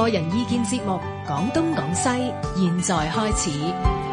個人意見節目《講東講西》，現在開始。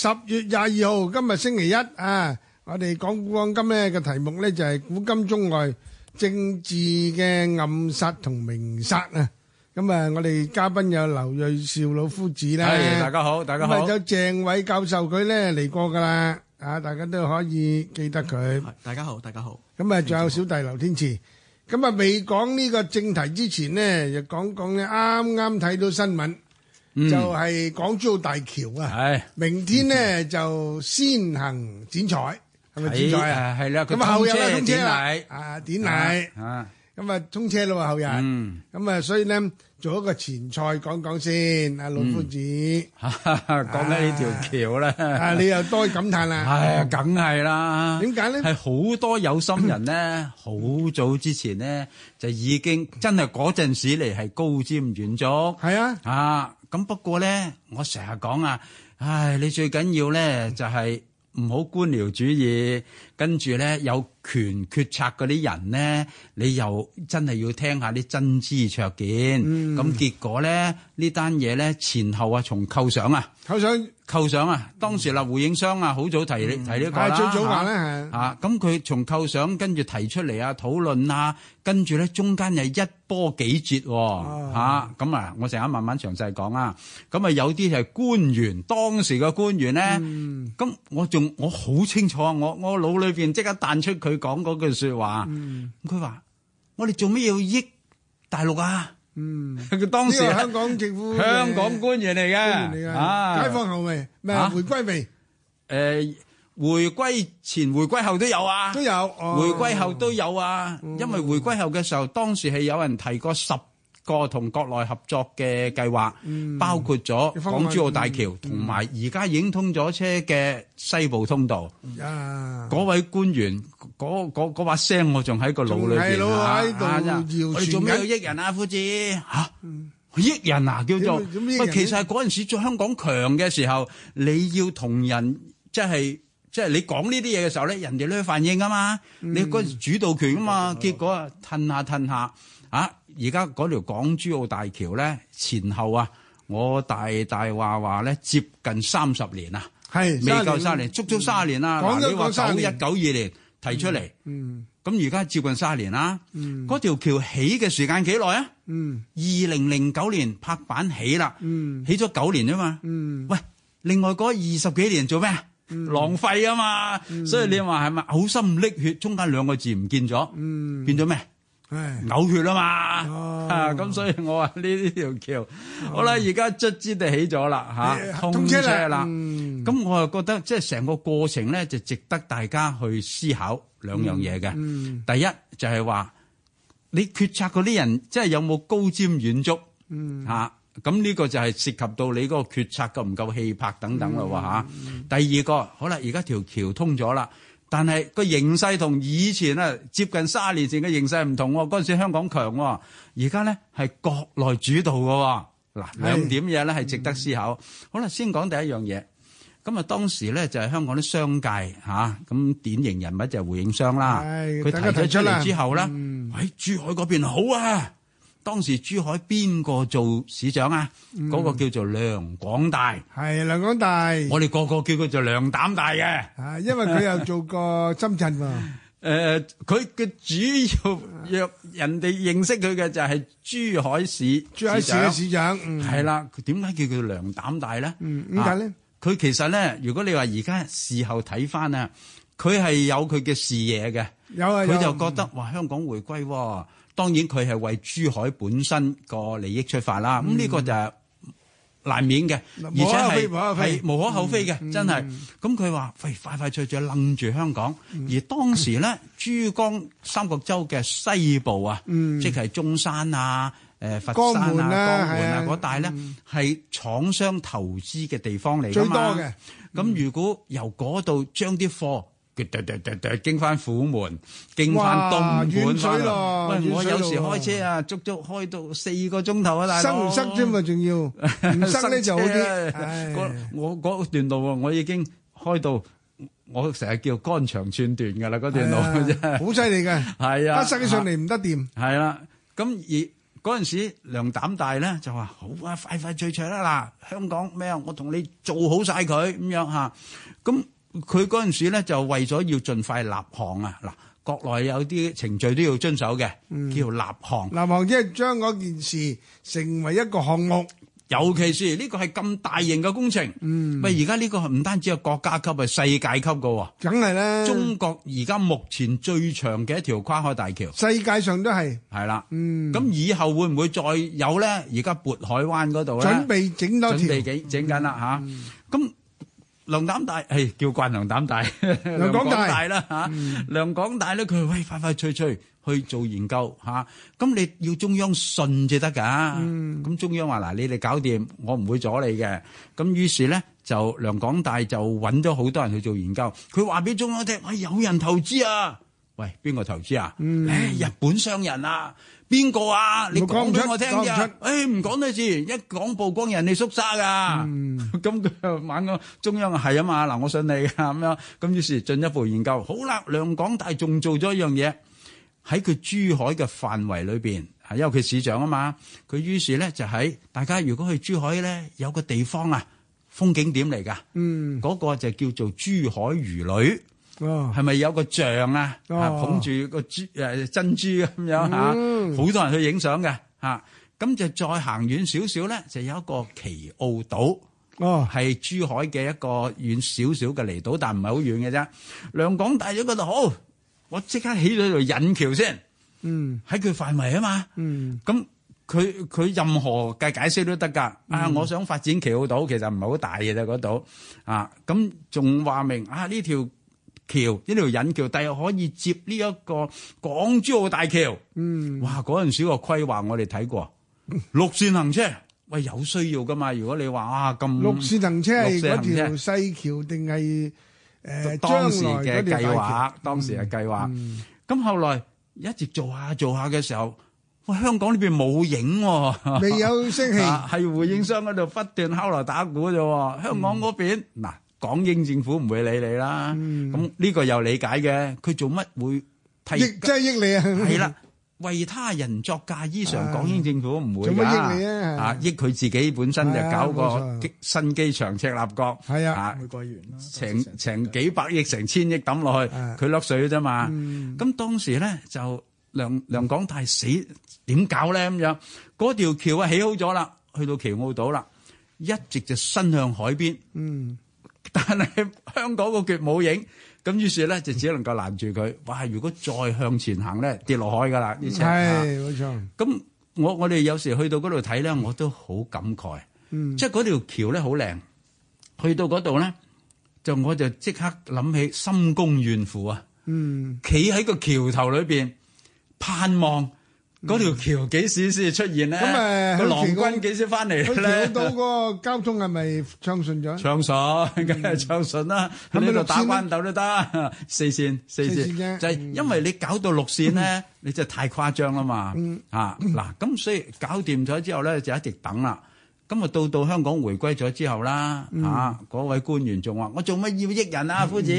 十月廿二號，今日星期一啊！我哋講古講今咧嘅題目咧就係古今中外政治嘅暗殺同明殺啊！咁啊，我哋嘉賓有劉銳紹老夫子咧，大家好，大家好，有鄭煒教授佢咧嚟過噶啦啊！大家都可以記得佢。係，大家好，大家好。咁啊，仲有小弟劉天賜。咁啊，未講呢個正題之前咧，就講講咧啱啱睇到新聞。就係港珠澳大橋啊！係，明天咧就先行剪彩，係咪剪彩啊？係啦，咁啊後日啊通車啦，啊典禮啊，咁啊通車啦喎後日。咁啊，所以咧做一個前菜講講先，阿老夫子講緊呢條橋咧，啊你又多感嘆啦，係啊，梗係啦。點解咧？係好多有心人咧，好早之前咧就已經真係嗰陣時嚟係高瞻遠矚。係啊，啊。咁不過咧，我成日講啊，唉，你最緊要咧就係唔好官僚主義。跟住咧，有權決策啲人咧，你又真係要聽下啲真知灼見。咁、嗯、結果咧，呢單嘢咧，前後啊，從構想啊，構想構想啊，當時嗱，胡應湘啊，好早提你提呢個啦。係最早話咧，係啊，咁佢從構想跟住提出嚟，啊，討論啊，跟住咧中間係一波幾折喎。嚇、哎，咁啊，我成日慢慢詳細講啊。咁啊，有啲係官員，當時嘅官員咧，咁、嗯嗯、我仲我好清楚，啊我我，我老李。即刻彈出佢講嗰句說話，佢話：我哋做咩要益大陸啊？嗯，佢當時香港政府、香港官員嚟嘅，解放後未？咩？回歸未？誒，回歸前、回歸後都有啊，都有，回歸後都有啊，因為回歸後嘅時候，當時係有人提過十。個同國內合作嘅計劃，包括咗港珠澳大橋同埋而家已經通咗車嘅西部通道。嗰位官員，嗰嗰嗰把聲我仲喺個腦裏邊啊！做咩要益人啊，夫子吓？益人啊，叫做？其實係嗰陣時做香港強嘅時候，你要同人即係即係你講呢啲嘢嘅時候咧，人哋都要反應啊嘛，你嗰陣時主導權啊嘛，結果啊吞下吞下啊！而家嗰條港珠澳大橋咧，前後啊，我大大話話咧，接近三十年啊，係未夠三十年，足足卅年啦。嗱，你話九一九二年提出嚟，嗯，咁而家接近卅年啦，嗯，嗰條橋起嘅時間幾耐啊？嗯，二零零九年拍板起啦，嗯，起咗九年啫嘛，嗯，喂，另外嗰二十幾年做咩？嗯，浪費啊嘛，所以你話係咪嘔心瀝血？中間兩個字唔見咗，嗯，變咗咩？嘔唉血啊嘛，哦、啊咁所以我話呢呢條橋好啦，而家卒之地起咗啦吓、啊、通車啦，咁、嗯、我又覺得即係成個過程咧就值得大家去思考兩樣嘢嘅。嗯嗯、第一就係、是、話你決策嗰啲人即係有冇高瞻遠矚，吓咁呢個就係涉及到你嗰個決策夠唔夠氣魄等等咯吓、嗯嗯嗯嗯嗯。第二個好啦，而家條橋通咗啦。但係個形勢同以前啊接近卅年前嘅形勢唔同喎，嗰陣時香港強，而家咧係國內主導嘅喎，嗱兩點嘢咧係值得思考。的好啦，先講第一樣嘢。咁啊當時咧就係香港啲商界嚇，咁、啊、典型人物就係胡應湘啦，佢的提提出嚟之後咧，喺、嗯、珠海嗰邊好啊。當時珠海邊個做市長啊？嗰、嗯、個叫做梁廣大，係梁廣大。我哋個個叫佢做梁膽大嘅，啊，因為佢又做過深圳喎。誒、 呃，佢嘅主要若人哋認識佢嘅就係珠海市珠海市市長，係啦。點解叫佢梁膽大咧？嗯，點解咧？佢、嗯啊、其實咧，如果你話而家事後睇返啊，佢係有佢嘅視野嘅，有啊，佢就覺得、嗯、哇，香港回歸。當然佢係為珠海本身個利益出發啦，咁呢個就係難免嘅，而且係係無可厚非嘅，真係。咁佢話，喂，快快脆脆楞住香港。而當時咧，珠江三角洲嘅西部啊，即係中山啊、誒佛山啊、江門啊嗰帶咧，係廠商投資嘅地方嚟㗎嘛。最多嘅。咁如果由嗰度將啲貨。掉掉掉掉，經翻虎門，經翻東門，翻啦。我有時開車啊，足足開到四個鐘頭啊，大佬。塞唔塞啫嘛，仲要唔塞咧就好啲。我我嗰段路啊，我已經開到我成日叫肝腸寸斷噶啦，嗰段路嘅啫。好犀利嘅，係啊，塞起上嚟唔得掂。係啦，咁而嗰陣時梁膽大咧就話好啊，快快脆脆啦嗱，香港咩啊，我同你做好曬佢咁樣吓，咁。佢嗰陣時咧就為咗要盡快立項啊！嗱，國內有啲程序都要遵守嘅，嗯、叫立項。立項即係將嗰件事成為一個項目，尤其是呢個係咁大型嘅工程。嗯，咪而家呢個唔單止係國家級，係世界級嘅喎。梗係啦！中國而家目前最長嘅一條跨海大橋，世界上都係。係啦的。嗯。咁、嗯、以後會唔會再有咧？而家渤海灣嗰度咧？準備整多條。準備幾整緊啦嚇！咁、嗯。嗯龍膽大，係叫慣龍膽大，梁港大啦嚇。梁港大咧，佢話喂，快快脆脆去做研究嚇。咁你要中央信先得㗎。咁中央話嗱，你哋搞掂，我唔會阻你嘅。咁於是咧，就梁港大就揾咗好多人去做研究。佢話俾中央聽，喂，有人投資啊。喂，邊個投資啊？誒，日本商人啊。邊個啊？你講俾我聽嘅，誒，唔講都係，一講曝光人哋縮沙噶。咁佢又揾個中央係啊嘛，嗱，我信你噶咁樣。咁於是進一步研究，好啦，梁廣大仲做咗一樣嘢，喺佢珠海嘅範圍裏邊，係尤其市長啊嘛。佢於是咧就喺大家如果去珠海咧有個地方啊，風景點嚟噶，嗯，嗰個就叫做珠海漁女。哦，係咪有個像啊？捧住個珠誒珍珠咁樣吓，好多人去影相嘅吓。咁就再行遠少少咧，就有一個奇澳島哦，係珠海嘅一個遠少少嘅離島，但唔係好遠嘅啫。兩廣大咗嗰度，哦，我即刻起咗條引橋先，嗯，喺佢範圍啊嘛，嗯，咁佢佢任何嘅解釋都得噶。啊，我想發展奇澳島，其實唔係好大嘅啫，嗰度啊，咁仲話明啊呢條。橋呢條引橋，第日可以接呢一個港珠澳大橋。嗯，哇，嗰陣時個規劃我哋睇過，六線行車，喂，有需要噶嘛？如果你話啊，咁，六線行車，六線行車條西橋定係誒？當時嘅計劃，當時嘅計劃。咁後來一直做下做下嘅時候，喂，香港呢邊冇影，未有聲氣，係回應商嗰度不斷敲鑼打鼓啫。香港嗰邊嗱。港英政府唔會理你啦，咁呢個又理解嘅。佢做乜會替即係益你啊？係啦，為他人作嫁衣裳，港英政府唔會做乜益你啊？啊，益佢自己本身就搞個新機場、赤鱲角係啊，每個月成成幾百億、成千億抌落去，佢落水啫嘛。咁當時咧就梁梁廣大死點搞咧咁樣嗰條橋啊起好咗啦，去到旗澳島啦，一直就伸向海邊。但係香港個腳冇影，咁於是咧就只能夠攔住佢。哇！如果再向前行咧，跌落海㗎啦，啲車，係冇錯。咁 我我哋有時去到嗰度睇咧，我都好感慨。嗯，即係嗰條橋咧好靚，去到嗰度咧就我就即刻諗起深宮怨婦啊！嗯，企喺個橋頭裏邊盼望。嗰條橋幾時先出現咧？個郎君幾時翻嚟咧？去橋到個交通係咪暢順咗？暢順梗係暢順啦，喺呢度打關斗都得四線，四線，就係因為你搞到六線咧，你真係太誇張啦嘛！啊嗱，咁所以搞掂咗之後咧，就一直等啦。咁啊，到到香港回歸咗之後啦，啊，嗰位官員仲話：我做乜要益人啊？夫子，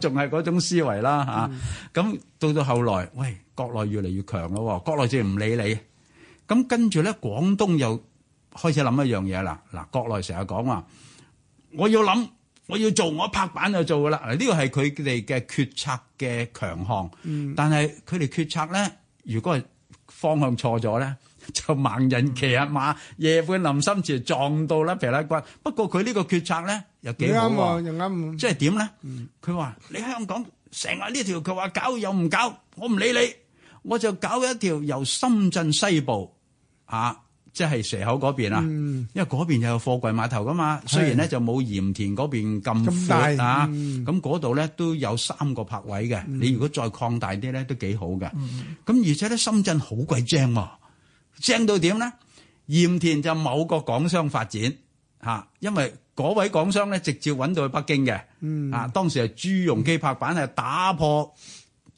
仲係嗰種思維啦！吓咁到到後來，喂。國內越嚟越強咯，國內就唔理你。咁跟住咧，廣東又開始諗一樣嘢啦。嗱，國內成日講話，我要諗，我要做，我拍板就做噶啦。呢個係佢哋嘅決策嘅強項。嗯，但係佢哋決策咧，如果係方向錯咗咧，就盲人騎一馬，夜半臨深處撞到啦皮拉骨。不過佢呢個決策咧又幾好喎，又啱，即係點咧？佢話：你香港成日呢條佢話搞又唔搞，我唔理你。我就搞一條由深圳西部啊，即係蛇口嗰邊啦，嗯、因為嗰邊有貨櫃碼頭噶嘛。嗯、雖然咧就冇鹽田嗰邊咁闊大、嗯、啊，咁嗰度咧都有三個泊位嘅。嗯、你如果再擴大啲咧，都幾好嘅。咁而且咧，深圳好鬼精喎，精到點咧？鹽田就某個港商發展嚇、啊，因為嗰位港商咧直接揾到去北京嘅。啊，當時係朱鎔基拍板係打破。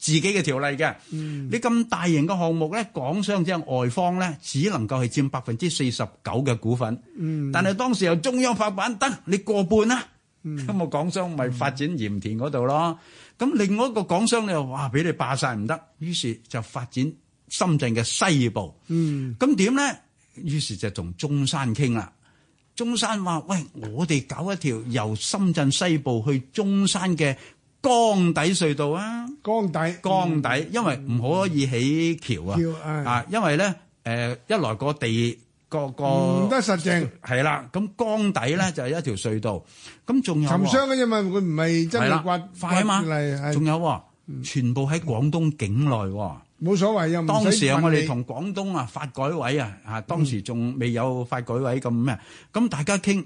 自己嘅條例嘅，你咁大型嘅項目咧，港商即係外方咧，只能夠係佔百分之四十九嘅股份。嗯，但係當時由中央發辦得，你過半啦。咁我港商咪發展鹽田嗰度咯。咁另外一個港商又話俾你霸曬唔得，於是就發展深圳嘅西部。嗯，咁點咧？於是就同中山傾啦。中山話：喂，我哋搞一條由深圳西部去中山嘅。江底隧道啊，江底，江底，因為唔可以起橋啊，啊，因為咧，誒，一來個地個個唔得實淨，係啦，咁江底咧就係一條隧道，咁仲有沉箱嘅，因為佢唔係真係掘快啊嘛，仲有全部喺廣東境內，冇所謂，當時我哋同廣東啊發改委啊，啊，當時仲未有發改委咁咩，咁大家傾。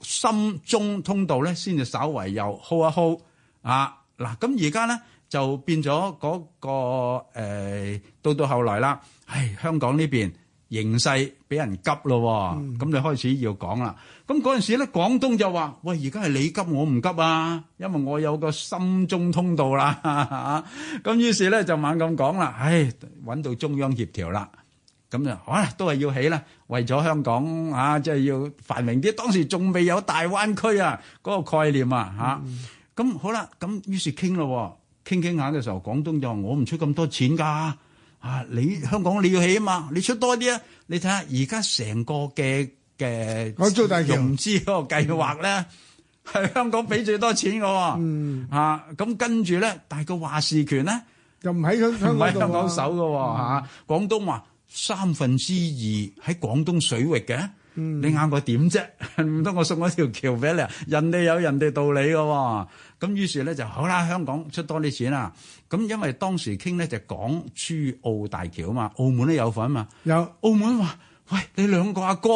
心中通道咧，先至稍微又 hold 一 hold 啊！嗱，咁而家咧就變咗嗰個、呃、到到後來啦，唉，香港呢邊形勢俾人急咯，咁你、嗯、開始要講啦。咁嗰陣時咧，廣東就話：喂，而家係你急我唔急啊，因為我有個心中通道啦。咁於是咧就猛咁講啦，唉，揾到中央協調啦。咁就，哇，都係要起啦，為咗香港嚇，即係要繁榮啲。當時仲未有大灣區啊，嗰個概念啊嚇。咁好啦，咁於是傾咯，傾傾下嘅時候，廣東就話我唔出咁多錢噶，嚇你香港你要起啊嘛，你出多啲啊，你睇下而家成個嘅嘅融資嗰個計劃咧，係香港俾最多錢嘅喎，嚇，咁跟住咧，但係個話事權咧，又唔喺香唔喺香港手嘅喎嚇，廣東話。三分之二喺廣東水域嘅，嗯、你啱我點啫？唔通我送咗條橋俾你，人哋有人哋道理嘅喎、哦。咁於是咧就好啦，香港出多啲錢啦。咁因為當時傾咧就港珠澳大橋啊嘛，澳門都有份啊嘛。有澳門話：，喂，你兩個阿哥，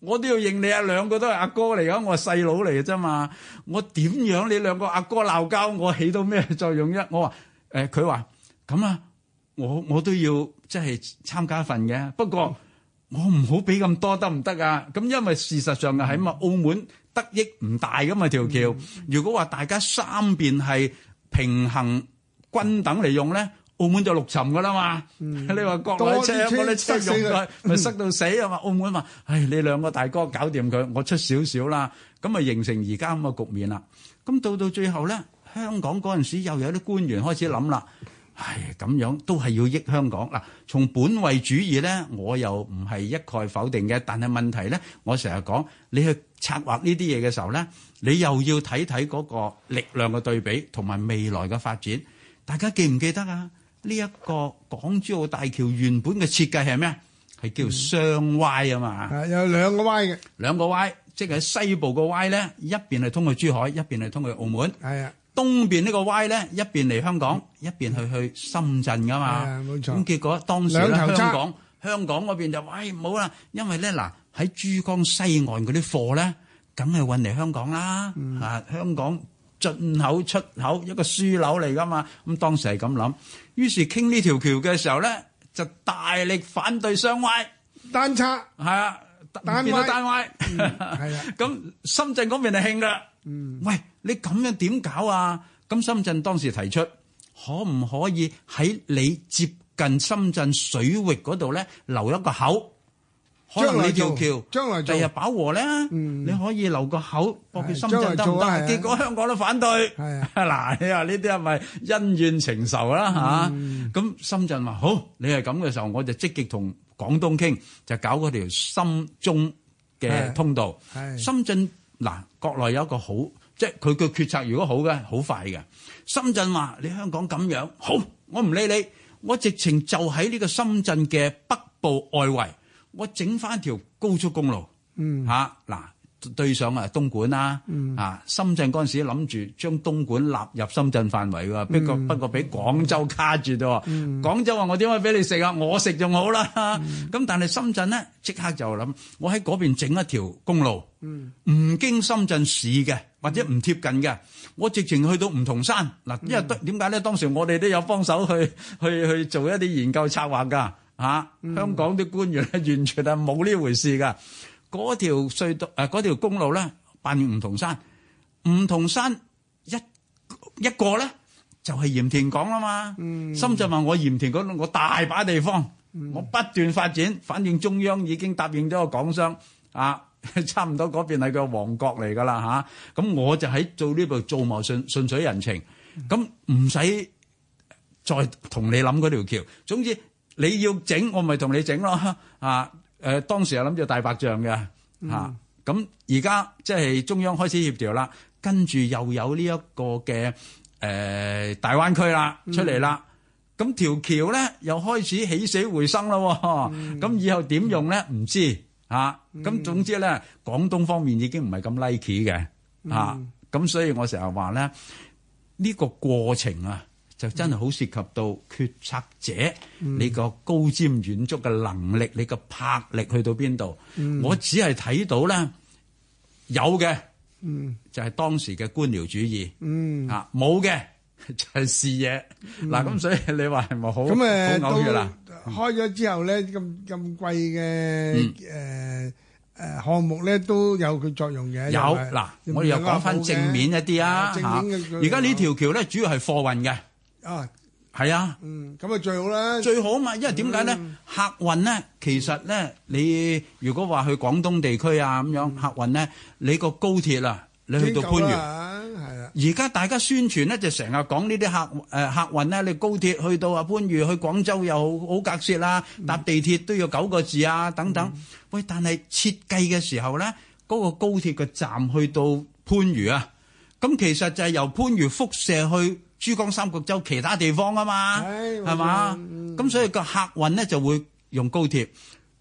我都要認你啊。兩個都係阿哥嚟嘅，我係細佬嚟嘅啫嘛。我點樣你兩個阿哥鬧交，我起到咩作用啫？我話：，誒，佢話咁啊，我我都要。即係參加一份嘅，不過我唔好俾咁多得唔得啊？咁因為事實上嘅喺咪澳門得益唔大㗎嘛條橋。如果話大家三邊係平衡均等嚟用咧，澳門就陸沉噶啦嘛。你話國內車咁你塞死佢，咪塞到死啊嘛？澳門話：唉，你兩個大哥搞掂佢，我出少少啦。咁咪形成而家咁嘅局面啦。咁到到最後咧，香港嗰陣時又有啲官員開始諗啦。係咁樣都係要益香港嗱，從本位主義咧，我又唔係一概否定嘅。但係問題咧，我成日講你去策劃呢啲嘢嘅時候咧，你又要睇睇嗰個力量嘅對比同埋未來嘅發展。大家記唔記得啊？呢一個港珠澳大橋原本嘅設計係咩啊？係叫雙 Y 啊嘛。係有兩個 Y 嘅，兩個 Y，即係喺西部個 Y 咧，一邊係通去珠海，一邊係通去澳門。係啊。東邊呢個 Y 咧，一邊嚟香港，一邊去去深圳噶嘛。冇錯。咁結果當時喺香港，香港嗰邊就喂，唔好啦，因為咧嗱喺珠江西岸嗰啲貨咧，梗係運嚟香港啦。啊，香港進口出口一個樞紐嚟噶嘛。咁當時係咁諗，於是傾呢條橋嘅時候咧，就大力反對雙 Y 單叉，係啊，變到單 Y。係啊，咁深圳嗰邊就興啦。嗯，喂，你咁樣點搞啊？咁深圳當時提出，可唔可以喺你接近深圳水域嗰度咧留一個口，將來條橋，將來第日飽和咧，你可以留個口，博佢深圳得唔得？結果香港都反對，嗱，你話呢啲係咪恩怨情仇啦嚇？咁深圳話好，你係咁嘅時候，我就積極同廣東傾，就搞嗰條深中嘅通道，深圳。嗱，國內有一個好，即係佢嘅決策，如果好嘅，好快嘅。深圳話：你香港咁樣好，我唔理你，我直情就喺呢個深圳嘅北部外圍，我整翻條高速公路。嗯，嚇嗱，對上啊東莞啦。嗯，啊深圳嗰陣時諗住將東莞納入深圳範圍㗎，不過不過俾廣州卡住咗。嗯，廣州話：我點解俾你食啊？我食就好啦。咁但係深圳咧，即刻就諗，我喺嗰邊整一條公路。嗯，唔經深圳市嘅或者唔貼近嘅，嗯、我直情去到梧桐山嗱，因為點解咧？當時我哋都有幫手去去去做一啲研究策劃噶，吓、啊嗯、香港啲官員係完全係冇呢回事噶。嗰條、嗯、隧道誒，嗰、呃、條公路咧，扮梧桐山，梧桐山一一,一,一個咧就係、是、鹽田港啦嘛。嗯、深圳話我鹽田嗰我大把地方，我不斷發展，反正中央已經答應咗個港商啊。啊差唔多嗰邊係個王國嚟㗎啦嚇，咁我就喺做呢度做埋順順水人情，咁唔使再同你諗嗰條橋。總之你要整，我咪同你整咯。啊，誒當時係諗住大白象嘅嚇，咁而家即係中央開始協調啦，跟住又有呢一個嘅誒大灣區啦出嚟啦，咁條橋咧又開始起死回生啦。咁以後點用咧？唔知。啊，咁總之咧，廣東方面已經唔係咁 like 嘅，啊，咁所以我成日話咧，呢個過程啊，就真係好涉及到決策者你個高瞻遠矚嘅能力，你個魄力去到邊度？我只係睇到咧，有嘅，就係當時嘅官僚主義，啊，冇嘅就係視野，嗱，咁所以你話係咪好好嘔血啊？開咗之後咧，咁咁貴嘅誒誒項目咧都有佢作用嘅。有嗱，我哋又講翻正面一啲啊。正面。而家呢條橋咧，主要係貨運嘅。啊，係啊。嗯，咁啊最好啦。最好啊嘛，因為點解咧？客運咧，其實咧，你如果話去廣東地區啊咁樣，客運咧，你個高鐵啊，你去到番禺。而家大家宣傳咧就成日講呢啲客誒客運咧、呃，你高鐵去到啊番禺去廣州又好隔涉啦，搭地鐵都要九個字啊等等。喂、嗯，但係設計嘅時候咧，嗰、那個高鐵嘅站去到番禺啊，咁其實就係由番禺輻射去珠江三角洲其他地方啊嘛，係嘛？哎？咁吧、嗯、所以個客運咧就會用高鐵，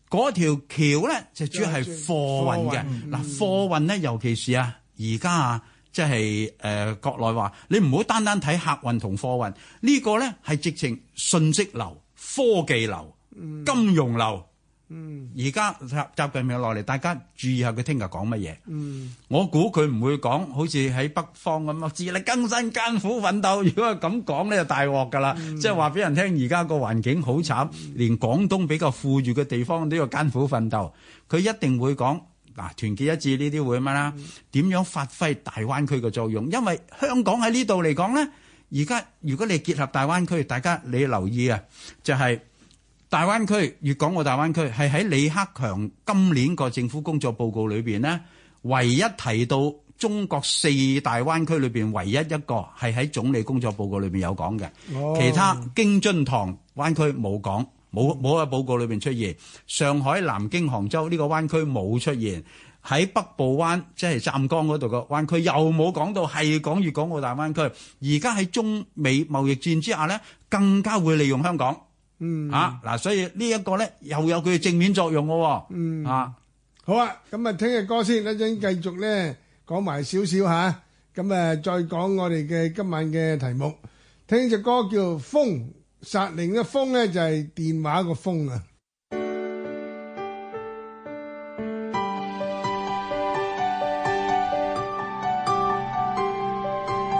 嗰條橋咧就主要係貨運嘅。嗱貨運咧，尤其是啊而家啊。即係誒國內話，你唔好單單睇客運同貨運，呢個咧係直情信息流、科技流、金融流。嗯，而家習近平落嚟，大家注意下佢聽日講乜嘢。嗯，我估佢唔會講好似喺北方咁啊自力更生艱苦奮鬥。如果係咁講咧，就大鑊㗎啦。即係話俾人聽，而家個環境好慘，連廣東比較富裕嘅地方都要艱苦奮鬥。佢一定會講。嗱，團結一致呢啲會咁樣啦。點樣發揮大灣區嘅作用？因為香港喺呢度嚟講咧，而家如果你結合大灣區，大家你要留意啊，就係大灣區、粵港澳大灣區係喺李克強今年個政府工作報告裏邊咧，唯一提到中國四大灣區裏邊唯一一個係喺總理工作報告裏邊有講嘅，其他京津唐灣區冇講。冇冇喺報告裏邊出現，上海、南京、杭州呢個灣區冇出現，喺北部灣即係湛江嗰度個灣區又冇講到港，係講粵港澳大灣區。而家喺中美貿易戰之下咧，更加會利用香港。嗯啊嗱，所以呢一個咧又有佢嘅正面作用嘅、啊、喎。嗯啊好啊，咁啊聽隻歌先，一陣繼續咧講埋少少吓，咁啊再講我哋嘅今晚嘅題目，聽隻歌叫風。殺靈嘅風咧就係電話個風啊！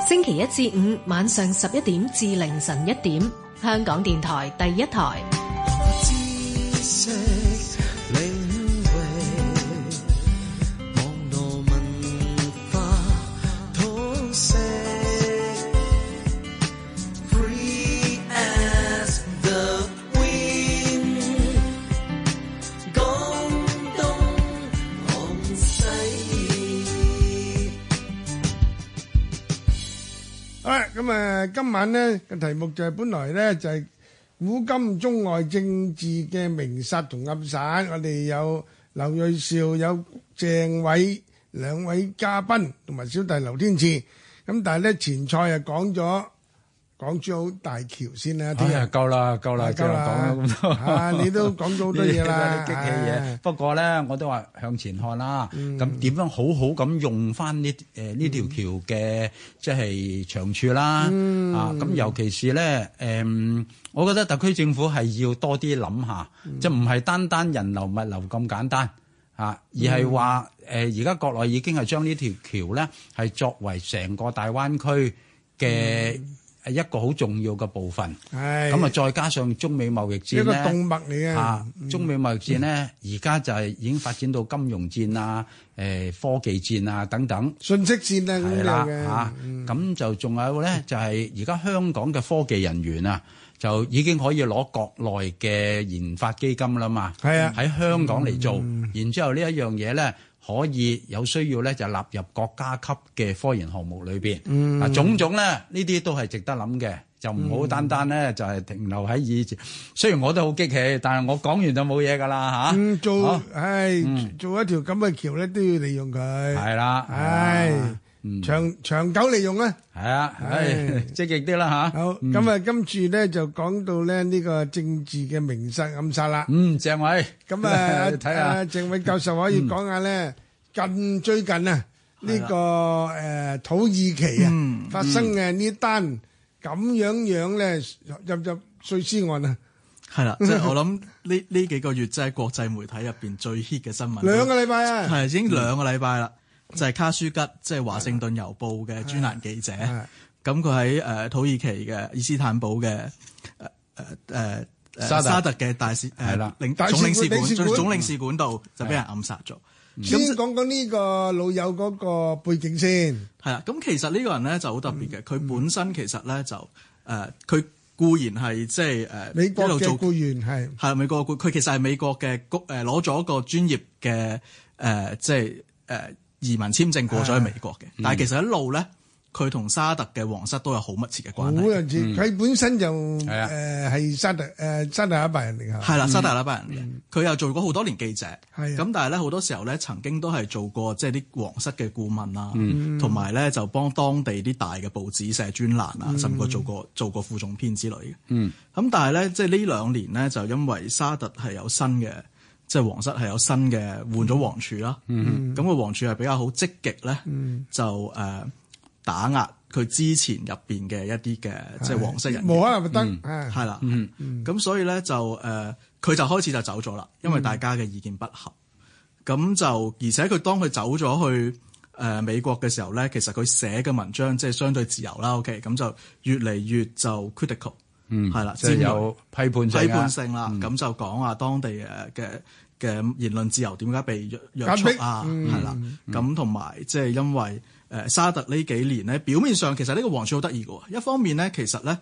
星期一至五晚上十一點至凌晨一點，香港電台第一台。今晚咧嘅題目就係本來咧就係、是、古今中外政治嘅明殺同暗殺，我哋有劉銳紹有鄭煒兩位嘉賓同埋小弟劉天賜，咁但係咧前菜啊講咗。港珠澳大橋先啦，係啊，夠啦夠啦夠啦，講咗咁多，啊，你都講咗好多嘢啦，啊，不過咧，我都話向前看啦，咁點樣好好咁用翻呢誒呢條橋嘅即係長處啦，啊，咁尤其是咧誒，我覺得特區政府係要多啲諗下，即係唔係單單人流物流咁簡單啊，而係話誒而家國內已經係將呢條橋咧係作為成個大灣區嘅。係一個好重要嘅部分，咁啊，再加上中美貿易戰咧，一個動脈嚟嘅。中美貿易戰咧，而家就係已經發展到金融戰啊、誒科技戰啊等等，信息戰咧咁樣嘅嚇。咁就仲有咧，就係而家香港嘅科技人員啊，就已經可以攞國內嘅研發基金啦嘛。係啊，喺香港嚟做，然之後呢一樣嘢咧。可以有需要咧，就納入國家級嘅科研項目裏邊。嗱、嗯，種種咧，呢啲都係值得諗嘅，就唔好單單咧就係、是、停留喺以前。嗯、雖然我都好激氣，但係我講完就冇嘢㗎喇吓。做，唉好，哎、做一條咁嘅橋咧，都要利用佢。係啦，唉。長長久利用啊，係啊，唉，積極啲啦吓。好，咁啊，今次咧就講到咧呢個政治嘅明殺暗殺啦。嗯，鄭煒，咁啊，睇下鄭煒教授可以講下咧近最近啊呢個誒土耳其啊發生嘅呢單咁樣樣咧入入碎屍案啊。係啦，即係我諗呢呢幾個月真係國際媒體入邊最 hit 嘅新聞。兩個禮拜啊，係已經兩個禮拜啦。就係卡舒吉，即係華盛頓郵報嘅專欄記者。咁佢喺誒土耳其嘅伊斯坦堡嘅誒誒誒沙沙特嘅大使係啦，總領事館總領事館度就俾人暗殺咗。先講講呢個老友嗰個背景先。係啦，咁其實呢個人咧就好特別嘅，佢本身其實咧就誒，佢固然係即係誒美國嘅僱員係係美國，佢其實係美國嘅局誒攞咗個專業嘅誒，即係誒。移民簽證過咗去美國嘅，但係其實一路咧，佢同沙特嘅皇室都有好密切嘅關係。好密切，佢本身就誒係沙特誒沙特阿拉伯人嚟嘅。係啦，沙特阿拉伯人，嚟。佢又做過好多年記者。係咁，但係咧好多時候咧，曾經都係做過即係啲皇室嘅顧問啊，同埋咧就幫當地啲大嘅報紙寫專欄啊，甚至過做過做過副總編之類嘅。嗯，咁但係咧，即係呢兩年咧，就因為沙特係有新嘅。即係皇室係有新嘅換咗皇儲啦，咁個、嗯、皇儲係比較好積極咧，嗯、就誒、uh, 打壓佢之前入邊嘅一啲嘅的即係皇室人。冇可能得，係啦、嗯，咁所以咧就誒佢、uh, 就開始就走咗啦，因為大家嘅意見不合，咁、嗯、就而且佢當佢走咗去誒、uh, 美國嘅時候咧，其實佢寫嘅文章即係相對自由啦，OK，咁就越嚟越就 critical。嗯，係啦，即係有批判批判性啦，咁、啊嗯、就講話當地誒嘅嘅言論自由點解被約約束啊，係啦，咁同埋即係因為誒沙特呢幾年咧，表面上其實呢個王儲好得意嘅，一方面咧其實咧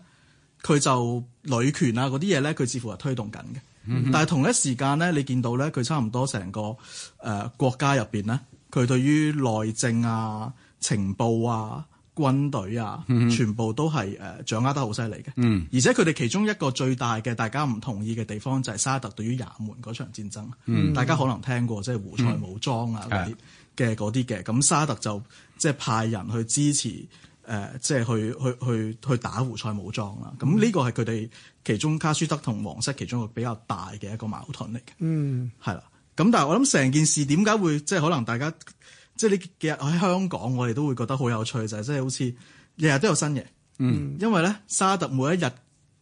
佢就女權啊嗰啲嘢咧，佢似乎係推動緊嘅，嗯嗯、但係同一時間咧，你見到咧佢差唔多成個誒、呃、國家入邊咧，佢對於內政啊、情報啊、軍隊啊，mm hmm. 全部都係誒、呃、掌握得好犀利嘅，嗯、mm，hmm. 而且佢哋其中一個最大嘅大家唔同意嘅地方就係沙特對於也門嗰場戰爭，嗯、mm，hmm. 大家可能聽過即係胡塞武裝啊嗰啲嘅嗰啲嘅，咁沙特就即係派人去支持誒、呃，即係去去去去，去打胡塞武裝啦，咁呢、mm hmm. 個係佢哋其中卡舒德同王室其中一個比較大嘅一個矛盾嚟嘅，嗯、mm，係、hmm. 啦，咁但係我諗成件事點解會即係可能大家？即係你其實喺香港，我哋都會覺得好有趣，就係即係好似日日都有新嘢。嗯，因為咧沙特每一日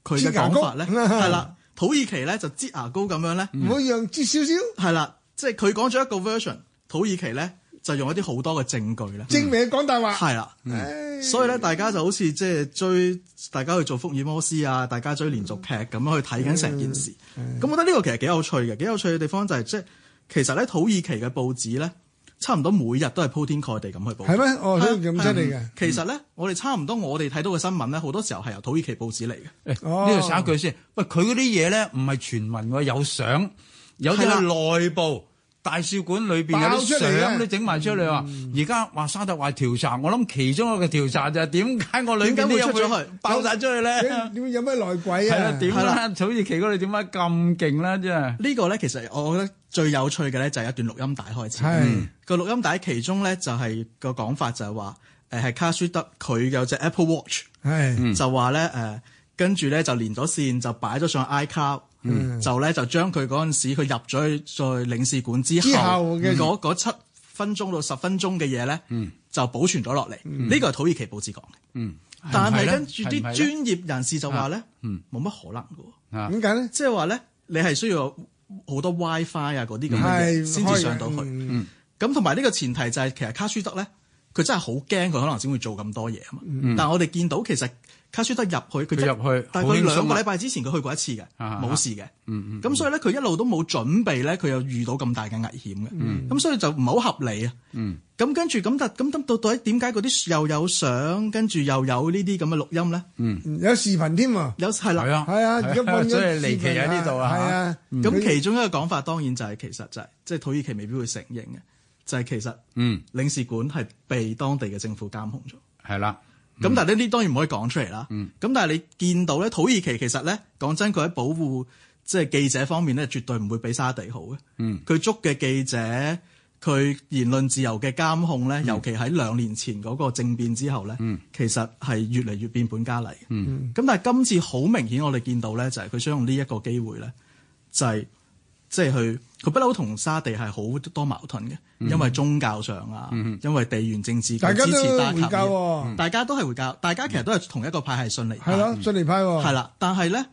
佢嘅講法咧係 啦，土耳其咧就擠牙膏咁樣咧，唔好用擠少少。係、嗯、啦，即係佢講咗一個 version，土耳其咧就用一啲好多嘅證據咧，證明講大話。係、嗯、啦，嗯嗯、所以咧大家就好似即係追大家去做福爾摩斯啊，大家追連續劇咁樣去睇緊成件事。咁、嗯嗯嗯、我覺得呢個其實幾有趣嘅，幾有趣嘅地方就係即係其實咧土耳其嘅報紙咧。差唔多每日都係鋪天蓋地咁去報，係咩？哦，咁犀利嘅。其實咧，我哋差唔多我哋睇到嘅新聞咧，好多時候係由土耳其報紙嚟嘅。哦，呢度省一句先。喂，佢嗰啲嘢咧唔係傳聞喎，有相，有啲係內部。大使館裏邊有啲相，你整埋出嚟話，而家話沙特話調查，我諗其中一個調查就係點解，我裏邊點解會出咗去爆曬出去咧？點會爆有咩內鬼啊？係啦、啊，點啦、啊？好似、啊、奇哥你點解咁勁咧？即係呢個咧，其實我覺得最有趣嘅咧就係一段錄音帶開始。係個錄音帶其中咧就係、是、個講法就係話，誒、呃、係卡舒德佢有隻 Apple Watch，就話咧誒跟住咧就連咗線就擺咗上 iCloud。就咧就將佢嗰陣時佢入咗去在領事館之後嘅嗰嗰七分鐘到十分鐘嘅嘢咧，就保存咗落嚟。呢個係土耳其報紙講嘅。嗯，但係跟住啲專業人士就話咧，嗯，冇乜可能嘅。點解咧？即係話咧，你係需要好多 WiFi 啊嗰啲咁嘅嘢先至上到去。咁同埋呢個前提就係其實卡舒德咧，佢真係好驚佢可能先會做咁多嘢啊嘛。但係我哋見到其實。卡舒德入去，佢入去，但佢兩個禮拜之前佢去過一次嘅，冇事嘅。咁所以咧佢一路都冇準備咧，佢又遇到咁大嘅危險嘅。咁所以就唔好合理啊。咁跟住咁但咁咁到底點解嗰啲又有相，跟住又有呢啲咁嘅錄音咧？有視頻添喎，有係啦，係啊，而家揾咗。所以離奇喺呢度啊，啊。咁其中一個講法當然就係其實就係即係土耳其未必會承認嘅，就係其實領事館係被當地嘅政府監控咗。係啦。咁、嗯、但係呢啲當然唔可以講出嚟啦。咁、嗯、但係你見到咧，土耳其其實咧，講真，佢喺保護即係、就是、記者方面咧，絕對唔會比沙地好嘅。佢、嗯、捉嘅記者，佢言論自由嘅監控咧，尤其喺兩年前嗰個政變之後咧，嗯、其實係越嚟越變本加厲。咁、嗯、但係今次好明顯，我哋見到咧，就係、係、佢想用呢一個機會咧，就係、係。即係佢，佢不嬲同沙地係好多矛盾嘅，因為宗教上啊，嗯、因為地緣政治，支持卡塔爾，嗯、大家都係回教，大家都係回教，大家其實都係同一個派，係遜尼派。係咯、嗯，啦、啊啊嗯啊，但係呢，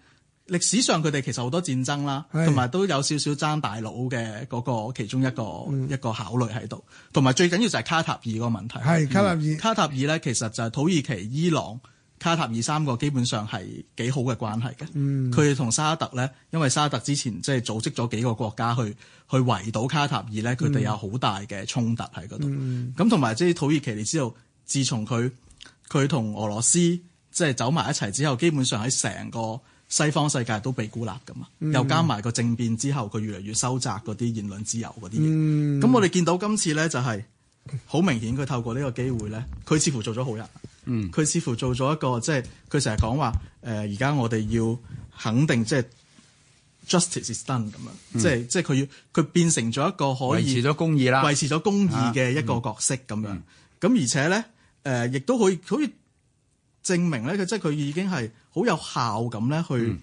歷史上佢哋其實好多戰爭啦，同埋是都有少少爭大佬嘅嗰個其中一個、嗯、一個考慮喺度，同埋最緊要就係卡塔爾嗰個問題。卡塔爾，卡塔爾咧、嗯，其實就係土耳其、伊朗。卡塔爾三個基本上係幾好嘅關係嘅，佢哋同沙特咧，因為沙特之前即係組織咗幾個國家去去圍堵卡塔爾咧，佢哋、嗯、有好大嘅衝突喺嗰度。咁同埋即係土耳其，你知道，自從佢佢同俄羅斯即係、就是、走埋一齊之後，基本上喺成個西方世界都被孤立㗎嘛。嗯、又加埋個政變之後，佢越嚟越收窄嗰啲言論自由嗰啲嘢。咁、嗯、我哋見到今次咧就係、是、好明顯，佢透過呢個機會咧，佢似乎做咗好人。嗯，佢似乎做咗一個即係佢成日講話，誒而家我哋要肯定即係、就是、justice is done 咁樣、嗯，即係即係佢要佢變成咗一個可以維持咗公義啦，維持咗公義嘅一個角色咁、啊嗯、樣，咁、嗯、而且咧誒、呃、亦都可以可以證明咧，佢即係佢已經係好有效咁咧，去、嗯、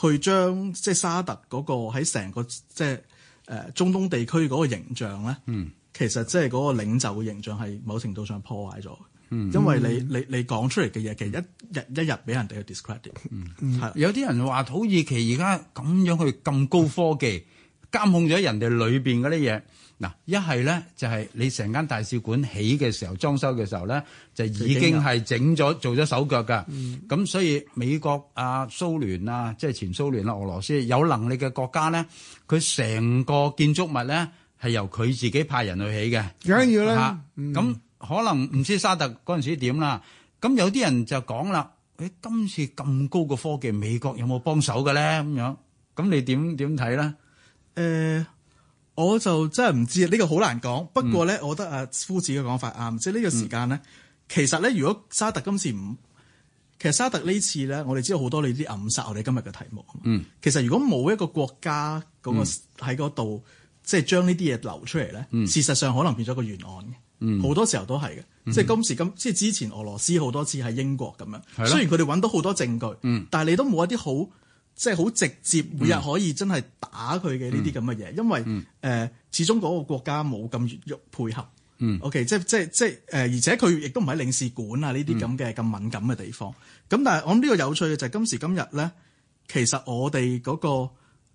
去將即係、就是、沙特、嗰個喺成個即係誒中東地區個形象咧，嗯其實即係個領袖嘅形象係某程度上破壞咗。因為你、嗯、你你講出嚟嘅嘢，其實一,一日一日俾人哋去 discredit。嗯嗯，係有啲人話土耳其而家咁樣去咁高科技監控咗人哋裏邊嗰啲嘢。嗱，一係咧就係你成間大使館起嘅時候、裝修嘅時候咧，就已經係整咗做咗手腳㗎。嗯，咁所以美國啊、蘇聯啊，即係前蘇聯啊，俄羅斯有能力嘅國家咧，佢成個建築物咧係由佢自己派人去起嘅。梗要啦。咁、嗯。嗯可能唔知沙特嗰陣時點啦。咁有啲人就講啦，誒、哎、今次咁高嘅科技，美國有冇幫手嘅咧？咁樣咁你點點睇咧？誒、呃，我就真係唔知呢、這個好難講。不過咧，嗯、我覺得阿、啊、夫子嘅講法啱，即係呢個時間咧，嗯、其實咧，如果沙特今次唔其實沙特呢次咧，我哋知道好多你啲暗殺。我哋今日嘅題目，嗯，其實如果冇一個國家嗰、那個喺嗰度，即係將呢啲嘢流出嚟咧，嗯、事實上可能變咗個懸案嘅。好多時候都係嘅，即係今時今即係之前，俄羅斯好多次喺英國咁樣。雖然佢哋搵到好多證據，但係你都冇一啲好即係好直接，每日可以真係打佢嘅呢啲咁嘅嘢，因為誒始終嗰個國家冇咁越獄配合。OK，即係即係即係誒，而且佢亦都唔喺領事館啊，呢啲咁嘅咁敏感嘅地方。咁但係我諗呢個有趣嘅就係今時今日咧，其實我哋嗰個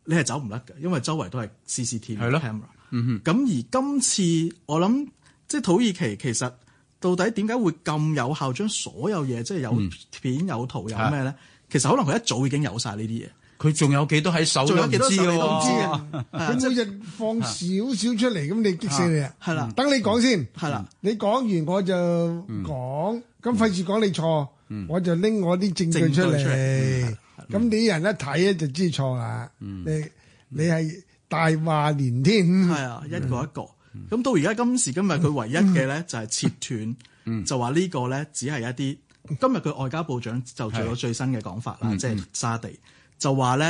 你係走唔甩嘅，因為周圍都係 CCTV camera。咁而今次我諗。即係土耳其其實到底點解會咁有效？將所有嘢即係有片有圖有咩咧？其實可能佢一早已經有晒呢啲嘢。佢仲有幾多喺手？仲有幾多喺手你都知啊！佢每日放少少出嚟，咁你激死你啊！係啦，等你講先。係啦，你講完我就講，咁費事講你錯，我就拎我啲證據出嚟，咁你啲人一睇咧就知錯啦。你你係大話連天，係啊，一個一個。咁到而家今時今日佢唯一嘅咧就係切斷， 就話呢個咧只係一啲今日佢外交部長就做咗最新嘅講法啦，即係 沙地就話咧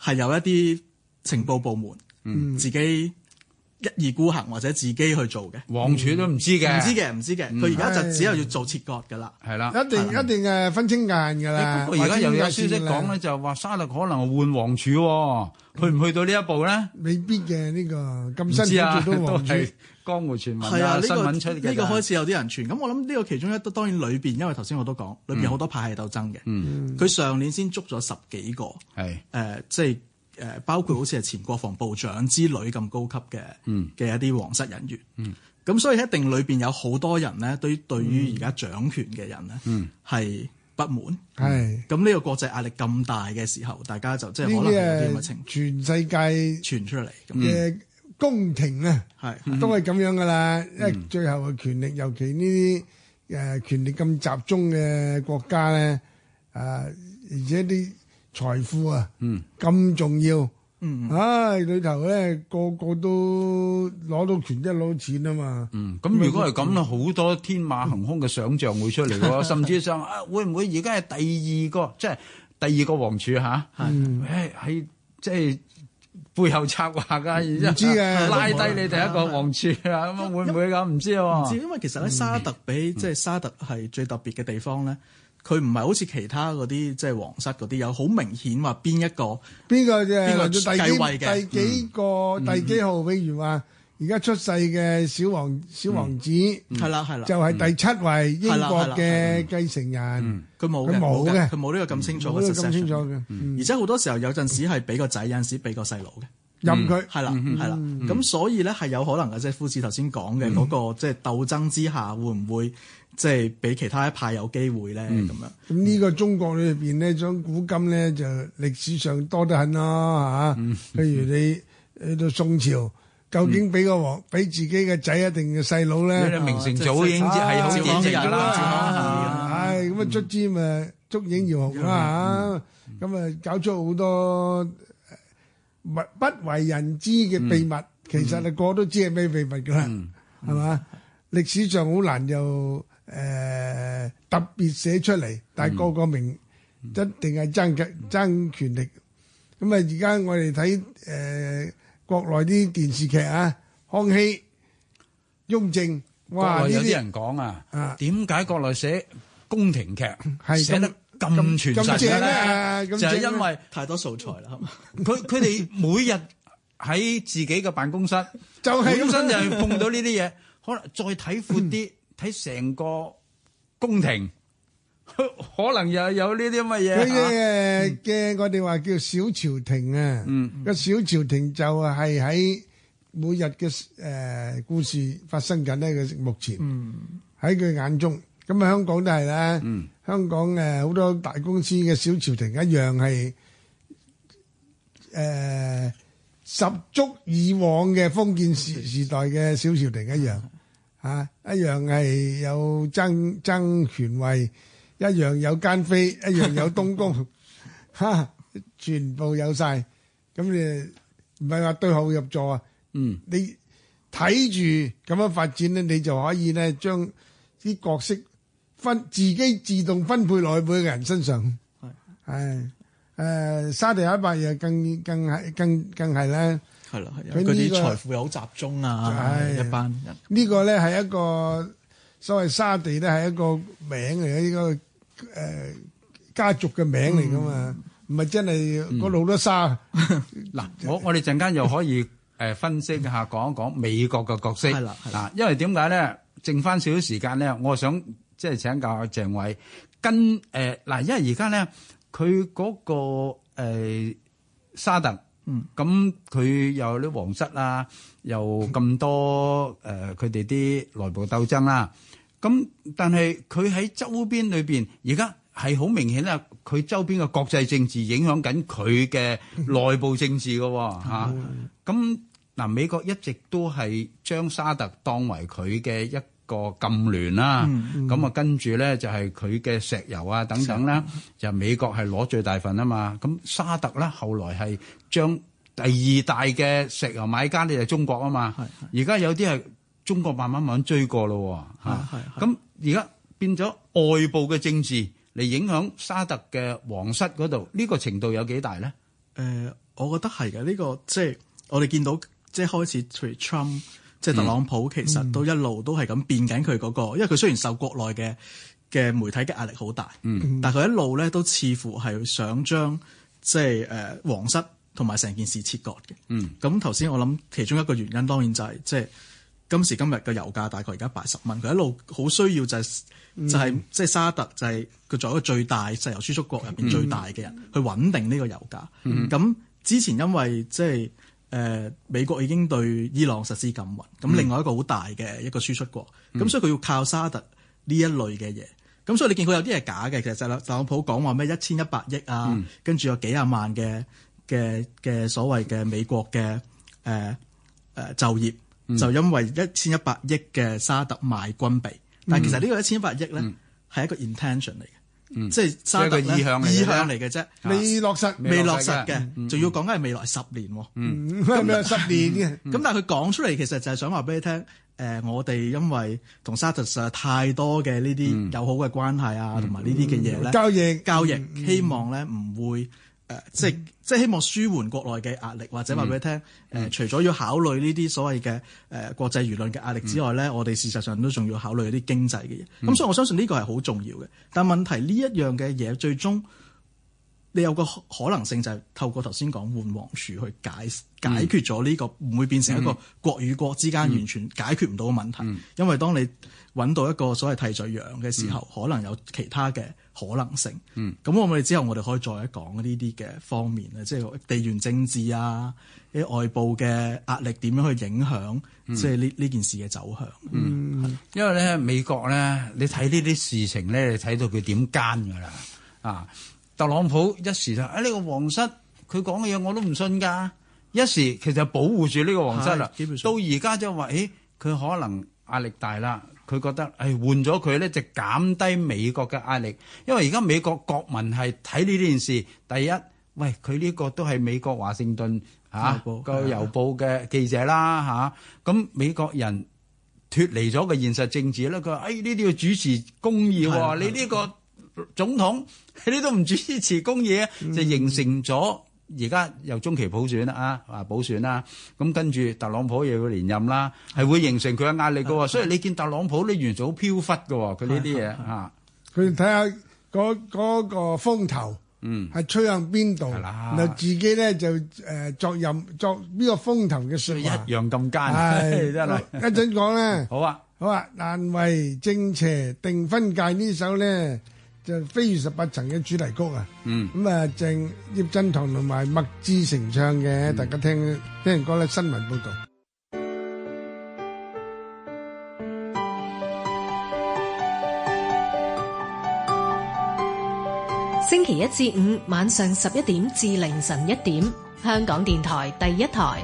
誒係有一啲情報部門 自己。一意孤行或者自己去做嘅，黃柱都唔知嘅，唔知嘅，唔知嘅。佢而家就只有要做切割嘅啦，係啦，一定一定係分清界嘅啦。而家又有消息講咧，就話沙律可能換黃柱，去唔去到呢一步咧？未必嘅，呢個咁新潮都黃柱江湖傳聞嘅新聞出嚟嘅，呢個開始有啲人傳。咁我諗呢個其中一當然裏邊，因為頭先我都講，裏邊好多派系鬥爭嘅。佢上年先捉咗十幾個，係誒，即係。誒包括好似係前國防部長之類咁高級嘅嘅一啲皇室人員，咁、嗯、所以一定裏邊有好多人咧，對對於而家掌權嘅人咧係不滿。係咁呢個國際壓力咁大嘅時候，嗯、大家就即係些可能有啲咁嘅情況，全世界傳出嚟嘅宮廷咧、啊、係、嗯、都係咁樣噶啦。嗯、因為最後嘅權力，尤其呢啲誒權力咁集中嘅國家咧，啊而且啲。財富啊，咁重要，唉，裏頭咧個個都攞到權，即係攞到錢啊嘛。咁如果係咁好多天馬行空嘅想象會出嚟咯。甚至上，啊，會唔會而家係第二個，即係第二個王儲吓？係，唉，即係背後策劃噶，唔知啊，拉低你第一個王儲啊？咁會唔會咁？唔知喎。只因為其實咧，沙特比即係沙特係最特別嘅地方咧。佢唔係好似其他嗰啲，即係皇室嗰啲有好明顯話邊一個、邊個、邊個繼位嘅第幾個第幾號？譬如話而家出世嘅小王小王子係啦係啦，就係第七位英國嘅繼承人。佢冇佢冇嘅，佢冇呢個咁清楚嘅事實。而且好多時候有陣時係俾個仔，有陣時俾個細佬嘅任佢係啦係啦。咁所以咧係有可能嘅，即係夫子頭先講嘅嗰個即係鬥爭之下會唔會？即係俾其他一派有機會咧，咁樣。咁呢個中國裏邊呢，將古今咧就歷史上多得很咯嚇。譬如你去到宋朝，究竟俾個王俾自己嘅仔一定嘅細佬咧？明成祖已經係好典型嘅啦。唉，咁啊，卒之咪燭影搖紅啦。咁啊，搞出好多不不為人知嘅秘密，其實你個都知係咩秘密噶啦，係嘛？歷史上好難又～誒、呃，特別寫出嚟，但係個個名一定係爭嘅，爭權力。咁啊，而家我哋睇誒，國內啲電視劇啊，康熙、雍正，哇！有啲人講啊，點解、啊、國內寫宮廷劇寫得咁全咁正咧？正啊、正就係因為太多素材啦。佢佢哋每日喺自己嘅辦公室，本身就,是就碰到呢啲嘢，可能 再睇闊啲。 喺成個宮廷可能又有呢啲乜嘢？佢嘅嘅我哋話叫小朝廷啊。嗯，個小朝廷就係喺每日嘅誒故事發生緊咧。佢目前喺佢眼中，咁啊香港都係咧。嗯，香港誒好多大公司嘅小朝廷一樣係誒十足以往嘅封建時時代嘅小朝廷一樣。吓，一樣係有爭爭權位，一樣有奸妃，一樣有東宮，吓，全部有晒。咁誒，唔係話對號入座啊。嗯，你睇住咁樣發展咧，你就可以咧，將啲角色分自己自動分配落去每個人身上。係係誒，沙地阿伯又更更係更更係咧。係啦，佢啲、這個、財富又好集中啊，的一班人。呢個咧係一個所謂沙地咧係一個名嚟嘅，呢個誒、呃、家族嘅名嚟噶嘛，唔係、嗯、真係個路都沙。嗱、嗯， 我我哋陣間又可以誒分析下講 一講美國嘅角色。係啦，嗱，因為點解咧？剩翻少少時間咧，我想即係請教阿鄭煒，跟誒嗱，因為而家咧佢嗰個沙特，沙特。嗯，咁佢又有啲皇室啊，又咁多誒，佢哋啲內部鬥爭啦、啊。咁但係佢喺周邊裏邊，而家係好明顯啊，佢周邊嘅國際政治影響緊佢嘅內部政治嘅吓。咁嗱，美國一直都係將沙特當為佢嘅一個禁聯啦，咁啊、嗯嗯、跟住咧就係佢嘅石油啊等等啦。嗯、就美國係攞最大份啊嘛，咁沙特啦後來係將第二大嘅石油買家，你就中國啊嘛，而家有啲係中國慢慢慢慢追過咯嚇，咁而家變咗外部嘅政治嚟影響沙特嘅皇室嗰度，呢、呢個程度有幾大咧？誒、呃，我覺得係嘅，呢、呢個、就是就是、即係我哋見到即係開始 Trump 即係特朗普其實都一路都係咁變緊佢嗰個，嗯、因為佢雖然受國內嘅嘅媒體嘅壓力好大，嗯、但係佢一路咧都似乎係想將即係誒、呃、皇室同埋成件事切割嘅。咁頭先我諗其中一個原因當然就係，即係今時今日嘅油價大概而家八十蚊，佢一路好需要就係、是、就係即係沙特，就係佢作為一個最大石油輸出國入面最大嘅人去穩定呢個油價。咁、嗯、之前因為即係。就是誒、呃、美國已經對伊朗實施禁運，咁另外一個好大嘅一個輸出國，咁、嗯、所以佢要靠沙特呢一類嘅嘢，咁所以你見佢有啲係假嘅，其實就特朗普講話咩一千一百億啊，嗯、跟住有幾廿萬嘅嘅嘅所謂嘅美國嘅誒誒就業，嗯、就因為一千一百億嘅沙特賣軍備，但其實呢個一千一百億咧係一個 intention 嚟嘅。即係三個意向，意向嚟嘅啫，未落實，未落實嘅，仲要講緊係未來十年喎。咁樣十年嘅，咁但係佢講出嚟，其實就係想話俾你聽，誒，我哋因為同沙特實在太多嘅呢啲友好嘅關係啊，同埋呢啲嘅嘢咧，交易交易，希望咧唔會。誒，即係希望舒緩國內嘅壓力，或者話俾你聽，誒、嗯呃，除咗要考慮呢啲所謂嘅誒、呃、國際輿論嘅壓力之外呢、嗯、我哋事實上都仲要考慮一啲經濟嘅嘢。咁、嗯、所以我相信呢個係好重要嘅。但問題呢一樣嘅嘢，最終你有個可能性就係透過頭先講換黃樹去解解決咗呢個，唔會變成一個國與國之間完全解決唔到嘅問題。嗯嗯嗯嗯、因為當你揾到一個所謂替罪羊嘅時候，可能有其他嘅。嗯嗯嗯嗯可能性，咁、嗯、我哋之後我哋可以再一講呢啲嘅方面咧，即係地緣政治啊，啲外部嘅壓力點樣去影響，嗯、即係呢呢件事嘅走向。嗯、是因為咧美國咧，你睇呢啲事情咧，你睇到佢點奸噶啦啊！特朗普一時就，啊、哎、呢、呢個皇室佢講嘅嘢我都唔信噶，一時其實保護住呢個皇室啦，是到而家就話，咦、哎、佢可能壓力大啦。佢覺得誒換咗佢咧就減低美國嘅壓力，因為而家美國國民係睇呢件事，第一，喂佢呢個都係美國華盛頓嚇《啊、郵報郵報》嘅記者啦嚇，咁、啊、美國人脱離咗個現實政治咧，佢話誒呢啲要主持公義喎，你呢個總統你都唔主持公義，就形成咗。而家又中期普選啊，啊補選啦，咁、啊、跟住特朗普又要連任啦，係會形成佢嘅壓力㗎喎，嗯、所以你見特朗普啲元祖飄忽㗎喎，佢呢啲嘢，佢睇下嗰嗰個風頭，係吹向邊度，然後自己咧就誒、呃、作任作呢個風頭嘅説話，一樣咁奸，一陣講咧，好啊，好啊，難為正邪定分界首呢首咧。就《飛越十八層》嘅主題曲啊，咁啊，鄭葉振棠同同埋麥志誠唱嘅，大家聽聽完歌咧，新聞報道。星期一至五晚上十一點至凌晨一點，香港電台第一台。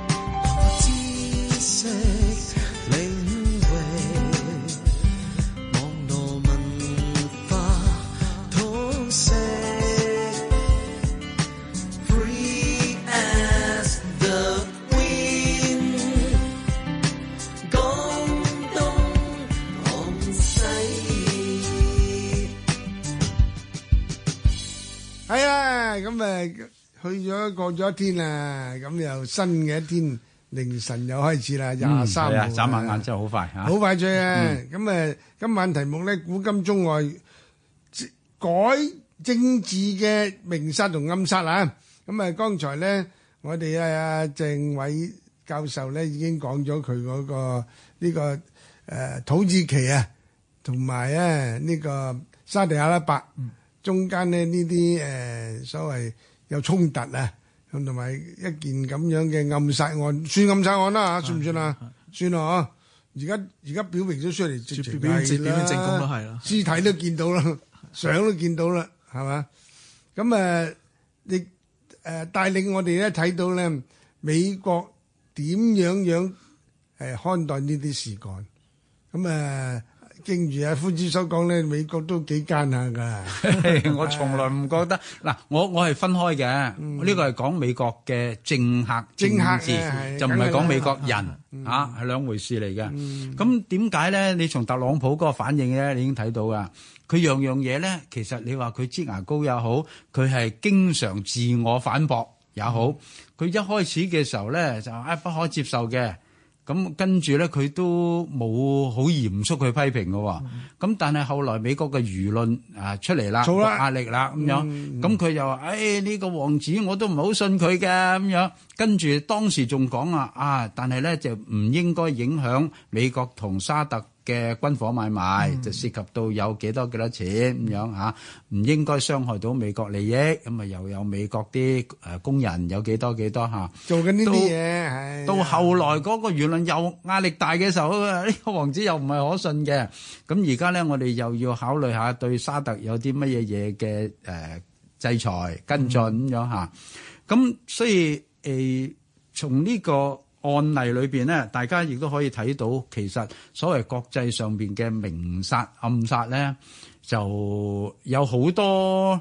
係啊，咁誒，去咗過咗一天啦，咁又新嘅一天，凌晨又開始啦，廿三日，眨下眼真係好快吓，好快脆啊！咁誒，今晚題目咧，古今中外改政治嘅明殺同暗殺啊！咁誒，剛才咧我哋阿鄭煒教授咧已經講咗佢嗰個呢個誒土耳其啊，同埋咧呢個沙地阿拉伯。中間咧呢啲誒，所謂有衝突啊，同埋一件咁樣嘅暗殺案，算暗殺案啦嚇，算唔算啊？算啦嚇，而家而家表明咗出嚟，表明正公啦，係啦，屍體都見到啦，相都見到啦，係嘛？咁誒，亦誒帶領我哋咧睇到咧美國點樣樣誒看待呢啲事幹，咁誒。正如阿，夫子所講咧，美國都幾艱難㗎。我從來唔覺得嗱，我我係分開嘅，呢個係講美國嘅政客政治，就唔係講美國人嚇，係兩回事嚟嘅。咁點解咧？你從特朗普嗰個反應咧，你已經睇到啊。佢樣樣嘢咧，其實你話佢擠牙膏也好，佢係經常自我反駁也好。佢一開始嘅時候咧，就啊不可接受嘅。咁跟住咧，佢都冇好嚴肅去批評嘅喎。咁、嗯、但係後來美國嘅輿論啊出嚟啦，壓了力啦咁、嗯、樣，咁佢又話：誒呢、哎這個王子我都唔係好信佢嘅咁樣。跟住當時仲講啊，啊，但係咧就唔應該影響美國同沙特。嘅軍火買賣就涉及到有幾多幾多錢咁樣嚇，唔應該傷害到美國利益，咁啊又有美國啲誒工人有幾多幾多嚇，做緊呢啲嘢，到後來嗰個輿論又壓力大嘅時候，呢個王子又唔係可信嘅，咁而家咧我哋又要考慮下對沙特有啲乜嘢嘢嘅誒制裁跟進咁樣嚇，咁所以誒從呢個案例裏邊咧，大家亦都可以睇到，其實所謂國際上邊嘅明殺暗殺咧，就有好多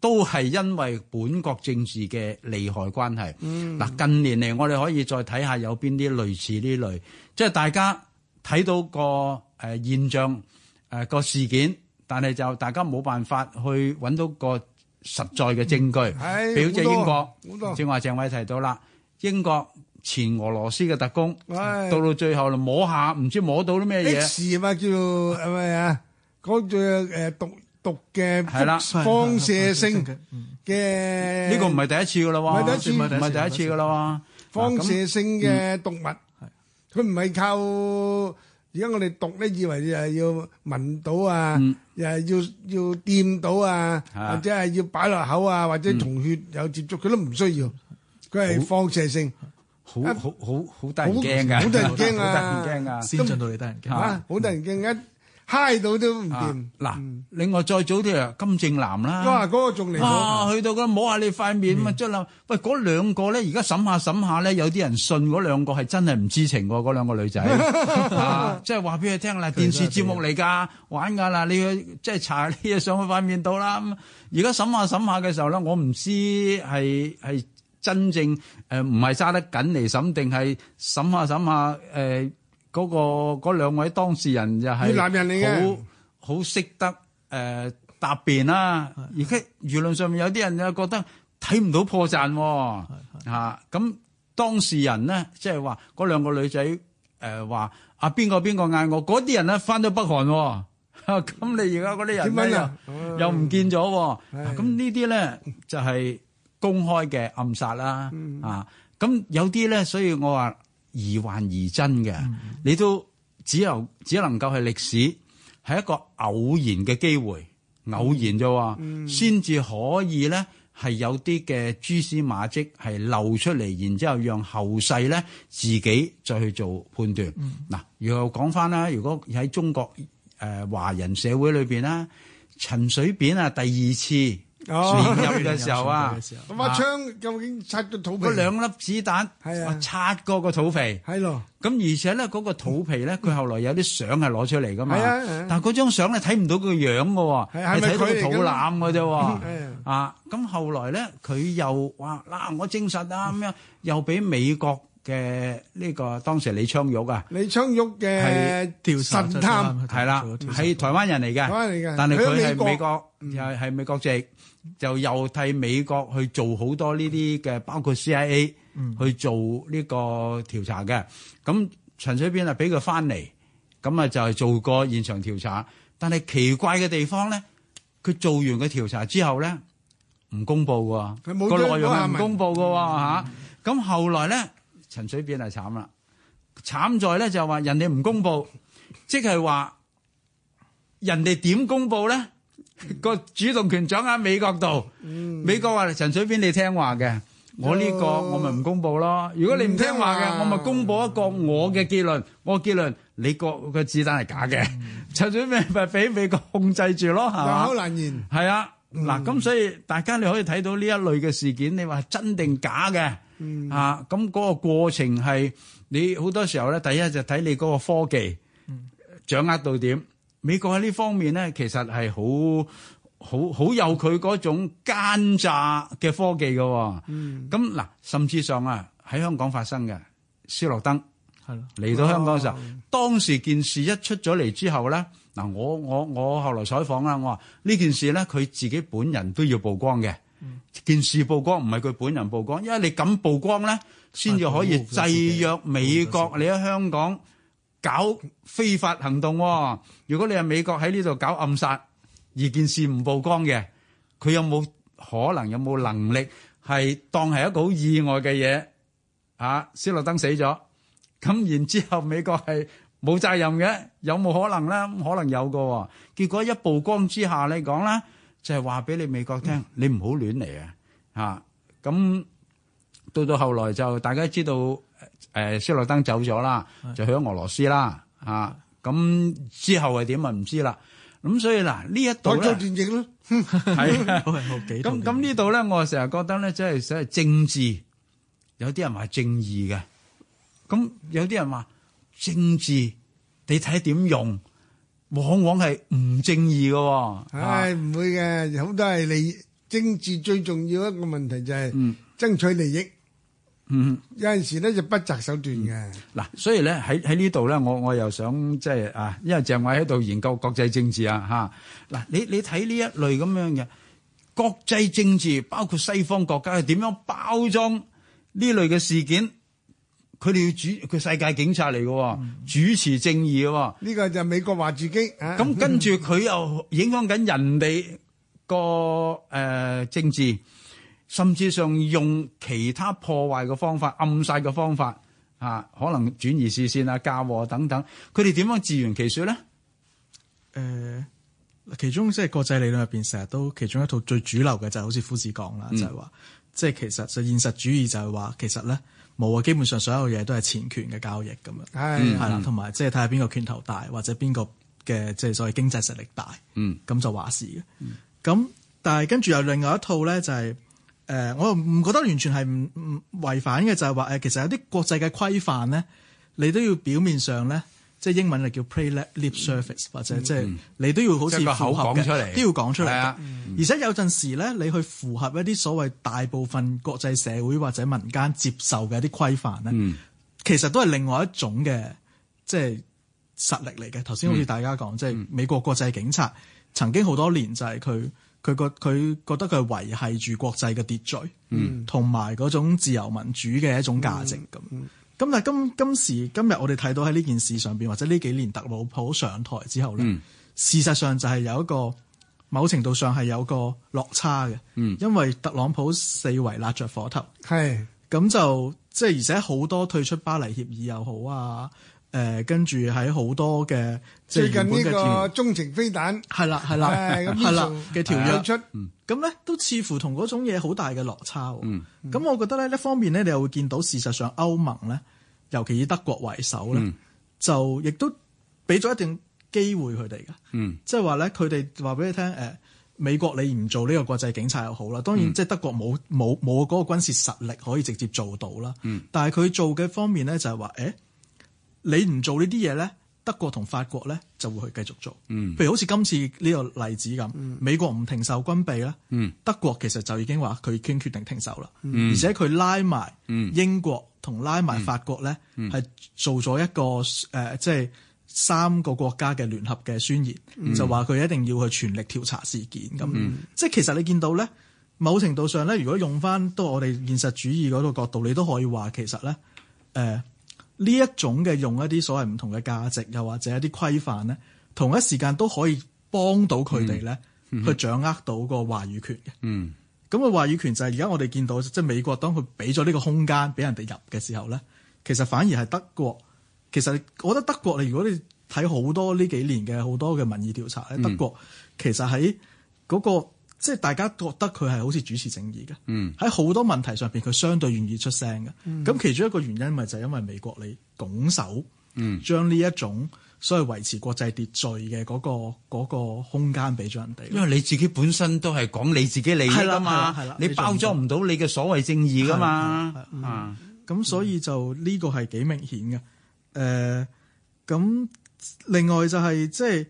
都係因為本國政治嘅利害關係。嗯，嗱，近年嚟我哋可以再睇下有邊啲類似呢類，即係大家睇到個誒現象、誒個事件，但係就大家冇辦法去揾到個實在嘅證據，譬如話英國，正話鄭煒提到啦。英國前俄羅斯嘅特工，到到最後就摸下，唔知摸到啲咩嘢。X 嘛叫做係咪啊？講住誒毒毒嘅，係啦，放射性嘅。呢個唔係第一次噶啦喎，唔係第一次噶啦喎，放射性嘅毒物，佢唔係靠而家我哋毒咧，以為誒要聞到啊，又係要要掂到啊，或者係要擺落口啊，或者同血有接觸，佢都唔需要。佢係放射性，好好好好得人驚㗎，好得人驚啊，先進到嚟得人驚，好得人驚，一揩到都唔掂。嗱，另外再早啲啊，金正男啦，哇，嗰個仲離譜，哇，去到佢摸下你塊面，咪即係喂嗰兩個咧？而家審下審下咧，有啲人信嗰兩個係真係唔知情㗎。嗰兩個女仔即係話俾佢聽啦，電視節目嚟㗎，玩㗎啦。你即係搽啲嘢上去塊面度啦。而家審下審下嘅時候咧，我唔知係係。真正誒唔係揸得緊嚟審定，係審下審下誒嗰、呃那個兩位當事人又係好好識得誒、呃、答辯、啊、啦。而且是輿論上面有啲人又覺得睇唔到破綻喎、哦，咁、啊、當事人呢，即係話嗰兩個女仔誒話啊邊個邊個嗌我嗰啲人咧返到北韓，咁你而家嗰啲人又唔見咗喎，咁、哦、是是 呢啲咧就係、是。 公開嘅暗殺啦，嗯、啊，咁有啲咧，所以我話疑幻疑真嘅，嗯、你都只有只能夠係歷史，係一個偶然嘅機會，偶然就話，先至、嗯嗯、可以咧係有啲嘅蛛絲馬跡係漏出嚟，然之後讓後世咧自己再去做判斷。嗱、嗯啊，如果講返啦，如果喺中國誒、呃、華人社會裏邊啦，陳水扁啊第二次入嘅時候啊，咁把槍究竟拆咗肚皮，嗰兩粒子彈，拆過個肚皮，係咯。咁而且咧，嗰個肚皮咧，佢後來有啲相係攞出嚟噶嘛。但係嗰張相咧睇唔到佢樣噶，係睇到肚腩噶啫。啊，咁後來咧，佢又話嗱，我證實啊，咁樣又俾美國嘅呢個當時李昌鈺啊，李昌鈺嘅調查神探係啦，係台灣人嚟嘅，但係佢係美國又係美國籍。就又替美國去做好多呢啲嘅，包括 CIA、嗯、去做呢個調查嘅。咁陳水扁啊，俾佢翻嚟，咁啊就係做個現場調查。但係奇怪嘅地方咧，佢做完個調查之後咧，唔公佈㗎喎，個內容係唔公佈㗎喎嚇。咁後來咧，陳水扁係慘啦，慘在咧就係話人哋唔公佈，即係話人哋點公佈咧？個主動權掌握喺美國度，美國話陳水扁你聽話嘅，我呢個我咪唔公布咯。如果你唔聽話嘅，我咪公布一個我嘅結論。我結論你個個子彈係假嘅，陳水扁咪俾美國控制住咯，係嘛？好難言係啊，嗱咁所以大家你可以睇到呢一類嘅事件，你話真定假嘅啊？咁嗰個過程係你好多時候咧，第一就睇你嗰個科技掌握到點。美國喺呢方面咧，其實係好好好有佢嗰種奸詐嘅科技嘅、哦。嗯，咁嗱，甚至上啊喺香港發生嘅斯諾登係咯，嚟到香港嘅時候，哦、當時件事一出咗嚟之後咧，嗱我我我後來採訪啦，我話呢件事咧，佢自己本人都要曝光嘅，嗯、件事曝光唔係佢本人曝光，因為你敢曝光咧，先至可以制約美國你喺香港。搞非法行動喎，如果你係美國喺呢度搞暗殺而件事唔曝光嘅，佢有冇可能有冇能力係當係一個好意外嘅嘢？啊，斯諾登死咗，咁然之後美國係冇責任嘅，有冇可能咧？可能有個，結果一曝光之下，你講啦，就係話俾你美國聽，你唔好亂嚟啊！嚇，咁到到後來就大家知道。誒，斯洛登走咗啦，就去咗俄羅斯啦，的啊，咁之後係點啊？唔知啦。咁所以嗱，呢一度咧，拍套電影咯，係啊，咁咁呢度咧，我成日覺得咧，即、就、係、是、所謂政治，有啲人話係正義嘅，咁有啲人話政治，你睇點用，往往係唔正義嘅，啊。唉、哎，唔會嘅，好多係利政治最重要一個問題就係爭取利益。嗯嗯，有陣時咧就不擇手段嘅。嗱，所以咧喺喺呢度咧，我我又想即係啊，因為鄭煒喺度研究國際政治啊，吓嗱，你你睇呢一類咁樣嘅國際政治，包括西方國家係點樣包裝呢類嘅事件，佢哋要主佢世界警察嚟㗎，主持正義嘅。呢個就美國話自己咁，跟住佢又影響緊人哋個誒政治。甚至上用其他破壞嘅方法，暗殺嘅方法啊，可能轉移視線啊，嫁禍等等。佢哋點樣自圓其説咧？誒、呃，其中即係國際理論入邊，成日都其中一套最主流嘅就係好似夫子講啦、嗯，就係話即係其實，其實現實主義就係話其實咧冇啊，基本上所有嘢都係錢權嘅交易咁樣係係啦，同埋即係睇下邊個拳頭大，或者邊個嘅即係所謂經濟實力大嗯咁就話事嘅咁。嗯嗯、但係跟住有另外一套咧、就是，就係。誒、呃，我唔覺得完全係唔唔違反嘅，就係話誒，其實有啲國際嘅規範咧，你都要表面上咧，即係英文嚟叫 play lip service 或者即、就、係、是嗯、你都要好似符合嘅，都要講出嚟。啊、嗯，而且有陣時咧，你去符合一啲所謂大部分國際社會或者民間接受嘅一啲規範咧，嗯、其實都係另外一種嘅即係實力嚟嘅。頭先好似大家講，即係、嗯嗯、美國國際警察曾經好多年就係佢。佢個佢覺得佢係維係住國際嘅秩序，嗯，同埋嗰種自由民主嘅一種價值咁。咁、嗯嗯、但係今今時今日，我哋睇到喺呢件事上邊，或者呢幾年特朗普上台之後咧，嗯、事實上就係有一個某程度上係有個落差嘅，嗯，因為特朗普四圍揦着火頭，係咁是就即係而且好多退出巴黎協議又好啊。誒跟住喺好多嘅最近呢個中程飛彈係啦係啦係啦嘅條約出咁咧，啊、都似乎同嗰種嘢好大嘅落差。咁、嗯嗯、我覺得咧，一方面咧，你又會見到事實上歐盟咧，尤其以德國為首咧，嗯、就亦都俾咗一定機會佢哋嘅。即係話咧，佢哋話俾你聽誒、呃，美國你唔做呢個國際警察又好啦。當然即係德國冇冇冇嗰個軍事實力可以直接做到啦。但係佢做嘅方面咧，就係話誒。欸你唔做呢啲嘢呢，德國同法國呢就會去繼續做。嗯，譬如好似今次呢個例子咁，嗯、美國唔停售軍備咧，嗯、德國其實就已經話佢已經決定停售啦。嗯、而且佢拉埋英國同拉埋法國呢，係、嗯嗯、做咗一個誒，即、呃、係、即係、三個國家嘅聯合嘅宣言，嗯、就話佢一定要去全力調查事件咁。即係其實你見到呢，某程度上呢，如果用翻都我哋現實主義嗰個角度，你都可以話其實呢。誒、呃。呃呢一種嘅用一啲所謂唔同嘅價值，又或者一啲規範咧，同一時間都可以幫到佢哋咧，mm hmm. 去掌握到個話語權嘅。咁、mm hmm. 個話語權就係而家我哋見到，即係美國當佢俾咗呢個空間俾人哋入嘅時候咧，其實反而係德國。其實我覺得德國，你如果你睇好多呢幾年嘅好多嘅民意調查喺、mm hmm. 德國，其實喺嗰、嗰個。即係大家覺得佢係好似主持正義嘅，喺好、嗯、多問題上邊佢相對願意出聲嘅。咁、嗯、其中一個原因咪就係因為美國你拱手，嗯、將呢一種所謂維持國際秩序嘅嗰、嗰個嗰個空間俾咗人哋。因為你自己本身都係講你自己，利益，啦嘛，係啦，你包裝唔到你嘅所謂正義噶嘛。咁所以就呢個係幾明顯嘅。誒、呃、咁另外就係即係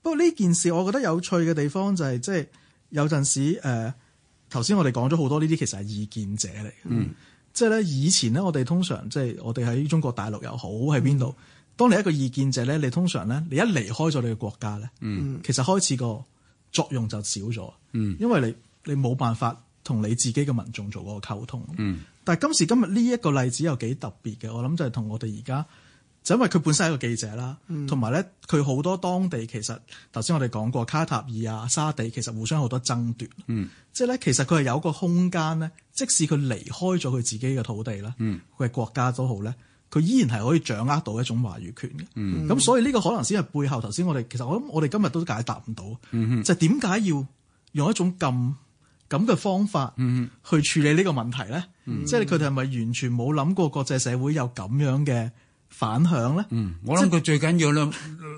不過呢件事，我覺得有趣嘅地方就係即係。即係有陣時，誒頭先我哋講咗好多呢啲，其實係異見者嚟嘅、嗯，即係咧以前咧，我哋通常即係我哋喺中國大陸又好喺邊度，當你一個異見者咧，你通常咧，你一離開咗你嘅國家咧，嗯、其實開始個作用就少咗，嗯、因為你你冇辦法同你自己嘅民眾做個溝通。嗯、但係今時今日呢一個例子又幾特別嘅，我諗就係同我哋而家。就因為佢本身係一個記者啦，同埋咧佢好多當地其實頭先我哋講過卡塔爾啊沙地其實互相好多爭奪，嗯、即係咧其實佢係有個空間咧，即使佢離開咗佢自己嘅土地啦，佢係、嗯、國家都好咧，佢依然係可以掌握到一種話語權嘅。咁、嗯、所以呢個可能先係背後頭先我哋其實我諗我哋今日都解答唔到，嗯嗯、就係點解要用一種咁咁嘅方法去處理呢個問題咧？即係佢哋係咪完全冇諗過國際社會有咁樣嘅？反響咧？嗯，我諗佢最緊要咧，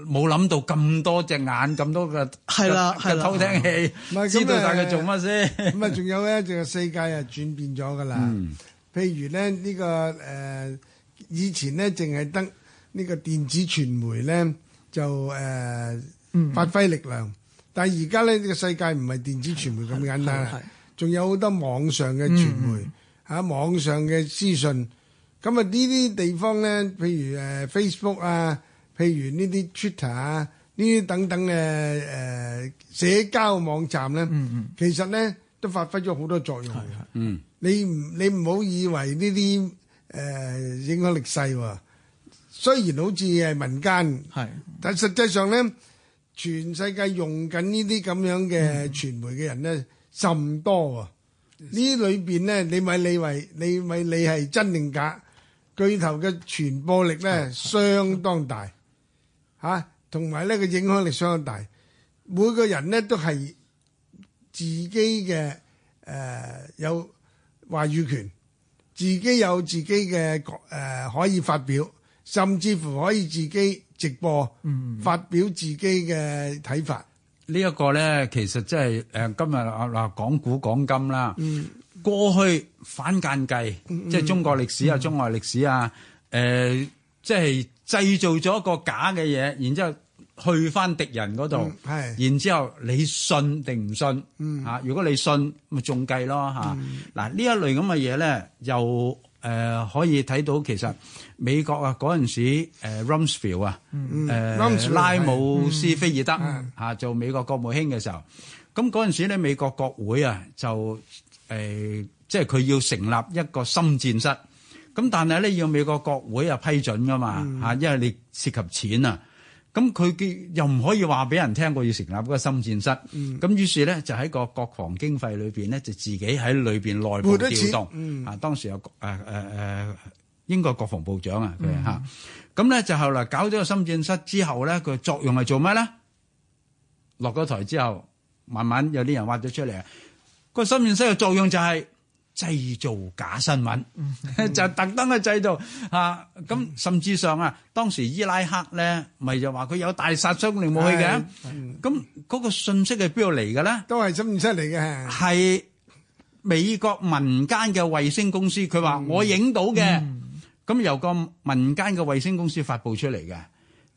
冇諗即到咁多隻眼，咁 多個係啦，係啦偷聽器，知道大家做乜先。咁啊，仲有咧，就個世界又轉變咗㗎啦。嗯，譬、嗯嗯嗯、如咧，呢、這個誒以前咧，淨係得呢個電子傳媒咧，就誒、呃、發揮力量。嗯、但係而家咧，呢個世界唔係電子傳媒咁簡單啦。係，仲有好多網上嘅傳媒，嚇、嗯啊、網上嘅資訊。咁啊！呢啲地方咧，譬如誒、呃、Facebook 啊，譬如呢啲 Twitter 啊，呢啲等等嘅誒、呃、社交網站咧，mm hmm. 其實咧都發揮咗好多作用嘅、mm hmm. 你唔你唔好以為呢啲誒影響力細喎、啊，雖然好似係民間，mm hmm. 但實際上咧，全世界用緊呢啲咁樣嘅傳媒嘅人咧甚多喎、啊。Mm hmm. 呢裡面呢裏邊咧，你咪你為你咪你係真定假？巨頭嘅傳播力咧、啊、相當大，吓、啊，同埋呢個影響力相當大。每個人咧都係自己嘅誒、呃、有話語權，自己有自己嘅誒、呃、可以發表，甚至乎可以自己直播，嗯、發表自己嘅睇法。呢一個咧，其實即係誒今日啊嗱，講股、講金啦。嗯過去反間計，即係中國歷史啊、中外歷史啊，誒，即係製造咗一個假嘅嘢，然之後去返敵人嗰度，係，然之後你信定唔信？嚇，如果你信，咪中計咯嚇。嗱，呢一類咁嘅嘢咧，又誒可以睇到其實美國啊嗰陣時 Rumsfeld 啊，誒拉姆斯菲爾德嚇做美國國務卿嘅時候，咁嗰陣時咧美國國會啊就，誒，即係佢要成立一個深戰室，咁但係咧要美國國會啊批准噶嘛吓，因為你涉及錢啊，咁佢又唔可以話俾人聽佢要成立嗰個深戰室，咁於是咧就喺個國防經費裏邊咧就自己喺裏邊內部調動，啊當時有誒誒誒英國國防部長啊佢吓，咁咧就後來搞咗個深戰室之後咧，佢作用係做咩咧？落咗台之後，慢慢有啲人挖咗出嚟。個新聞室嘅作用就係製造假新聞。嗯、 就特登去製造吓咁，嗯、甚至上啊，當時伊拉克咧，咪就話佢有大殺傷力武器嘅，咁嗰、嗯、個信息係邊度嚟嘅咧？都係新聞室嚟嘅，係美國民間嘅衛星公司，佢話、嗯、我影到嘅，咁、嗯、由個民間嘅衛星公司發布出嚟嘅。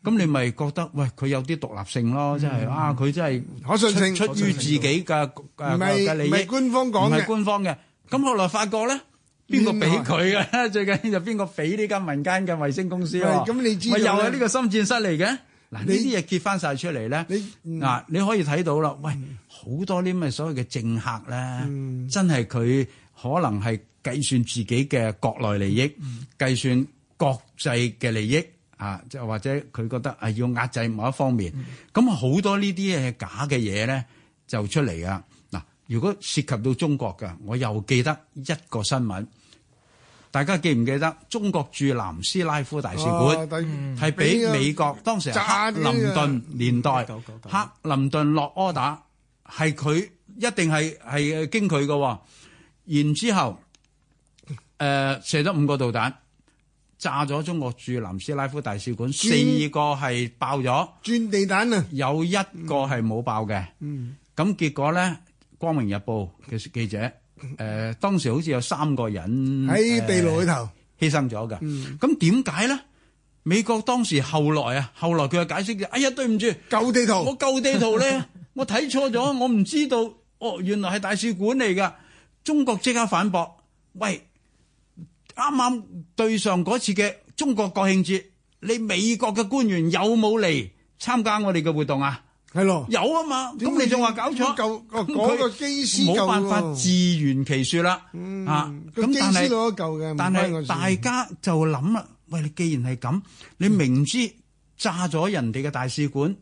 咁你咪覺得喂佢有啲獨立性咯，即係啊佢真係可信性出於自己嘅誒嘅利益，唔係唔係官方講嘅，唔係官方嘅。咁後來發覺咧，邊個俾佢嘅？最緊要就邊個俾呢間民間嘅衛星公司啦？咁你知道咪又係呢個心戰室嚟嘅？嗱，呢啲嘢揭翻曬出嚟咧，嗱你可以睇到啦。喂，好多啲咩所謂嘅政客咧，真係佢可能係計算自己嘅國內利益，計算國際嘅利益。啊，即係或者佢覺得啊，要壓制某一方面，咁好、嗯、多呢啲嘢係假嘅嘢咧就出嚟啊！嗱，如果涉及到中國嘅，我又記得一個新聞，大家記唔記得？中國駐南斯拉夫大使館係俾、哦嗯、美國、啊、當時克林頓年代，克、啊、林頓落柯打，係佢、嗯、一定係係經佢嘅，然之後誒、呃、射咗五個導彈。炸咗中國駐南斯拉夫大使館，轉四個係爆咗，鑽地彈啊！有一個係冇爆嘅，咁、嗯嗯、結果咧，《光明日報》嘅記者，誒、呃，當時好似有三個人喺地牢裏頭犧牲咗噶。咁點解咧？美國當時後來啊，後來佢又解釋嘅，哎呀，對唔住，舊地圖，我舊地圖咧， 我睇錯咗，我唔知道，哦，原來係大使館嚟噶。中國即刻反駁，喂！喂啱啱對上嗰次嘅中國國慶節，你美國嘅官員有冇嚟參加我哋嘅活動啊？係咯的，有啊嘛。咁你仲話搞錯？舊嗰、那個那個機師冇辦法自圓其説啦。嗯、啊，個機師攞嘅。但係是大家就諗啦，喂，你既然係咁，嗯、你明知炸咗人哋嘅大使館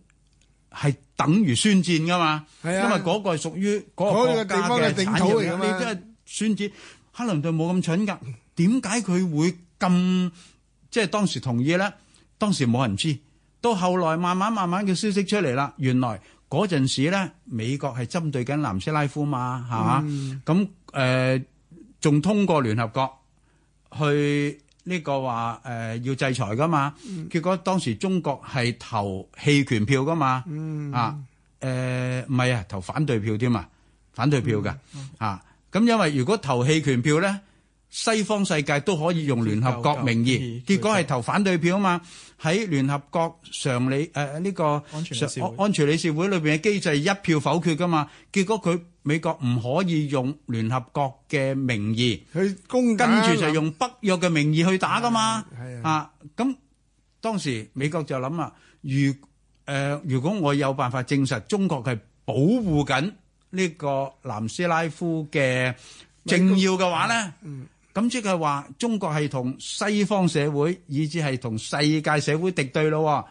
係等於宣戰噶嘛？係啊、嗯，因為嗰個係屬於嗰個國家嘅領土嚟嘅，你真係宣戰，克林頓冇咁蠢噶。點解佢會咁即係當時同意咧？當時冇人知，到後來慢慢慢慢嘅消息出嚟啦。原來嗰陣時咧，美國係針對緊南斯拉夫嘛，係嘛、嗯？咁誒，仲、呃、通過聯合國去呢個話誒、呃、要制裁噶嘛？嗯、結果當時中國係投棄權票噶嘛？嗯、啊誒、唔、呃、係啊，投反對票添嘛。反對票噶、嗯 okay。啊。咁因為如果投棄權票咧。西方世界都可以用聯合國名義，結果係投反對票啊嘛！喺聯合國常理誒呢個安全理事會裏邊嘅機制一票否決㗎嘛，結果佢美國唔可以用聯合國嘅名義去攻，跟住就用北約嘅名義去打㗎嘛。係啊，咁當時美國就諗啊，如誒如果我有辦法證實中國係保護緊呢個南斯拉夫嘅政要嘅話咧，嗯。咁即係話中國係同西方社會，以至係同世界社會敵對咯。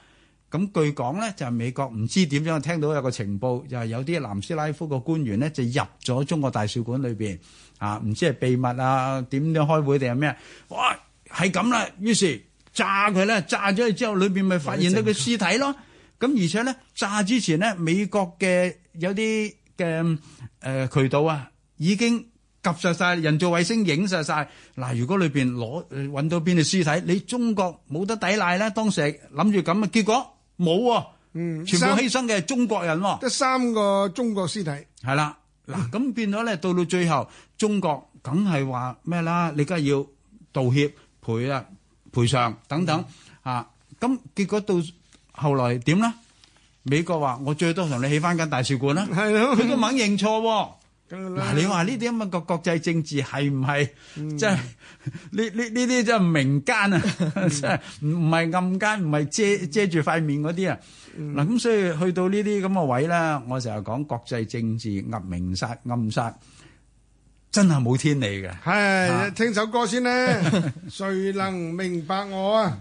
咁據講咧，就係、是、美國唔知點樣聽到有個情報，就係、是、有啲南斯拉夫個官員呢就入咗中國大使館裏邊啊，唔知係秘密啊，點樣開會定係咩？哇，係咁啦，於是炸佢啦，炸咗佢之後，裏邊咪發現到佢屍體咯。咁而且咧，炸之前呢，美國嘅有啲嘅誒渠道啊，已經。及上晒，人造衛星影晒。嗱，如果裏邊攞揾到邊啲屍體，你中國冇得抵賴咧。當時諗住咁啊，結果冇喎，嗯，全部犧牲嘅係中國人咯、啊，得、嗯、三,三個中國屍體。係啦，嗱、啊、咁變咗咧，到到最後，中國梗係話咩啦？你梗係要道歉、賠啊、賠償等等、嗯、啊，咁結果到後來點咧？美國話我最多同你起翻間大使館啦、啊，佢都唔肯認錯喎、啊。嗱，你話呢啲咁嘅國國際政治係唔係即係呢呢呢啲真係明奸啊，即係唔唔係暗奸，唔係遮遮住塊面嗰啲啊。嗱，咁所以去到呢啲咁嘅位啦，我成日講國際政治暗明殺暗殺，真係冇天理嘅。係，聽首歌先啦，誰 能明白我啊？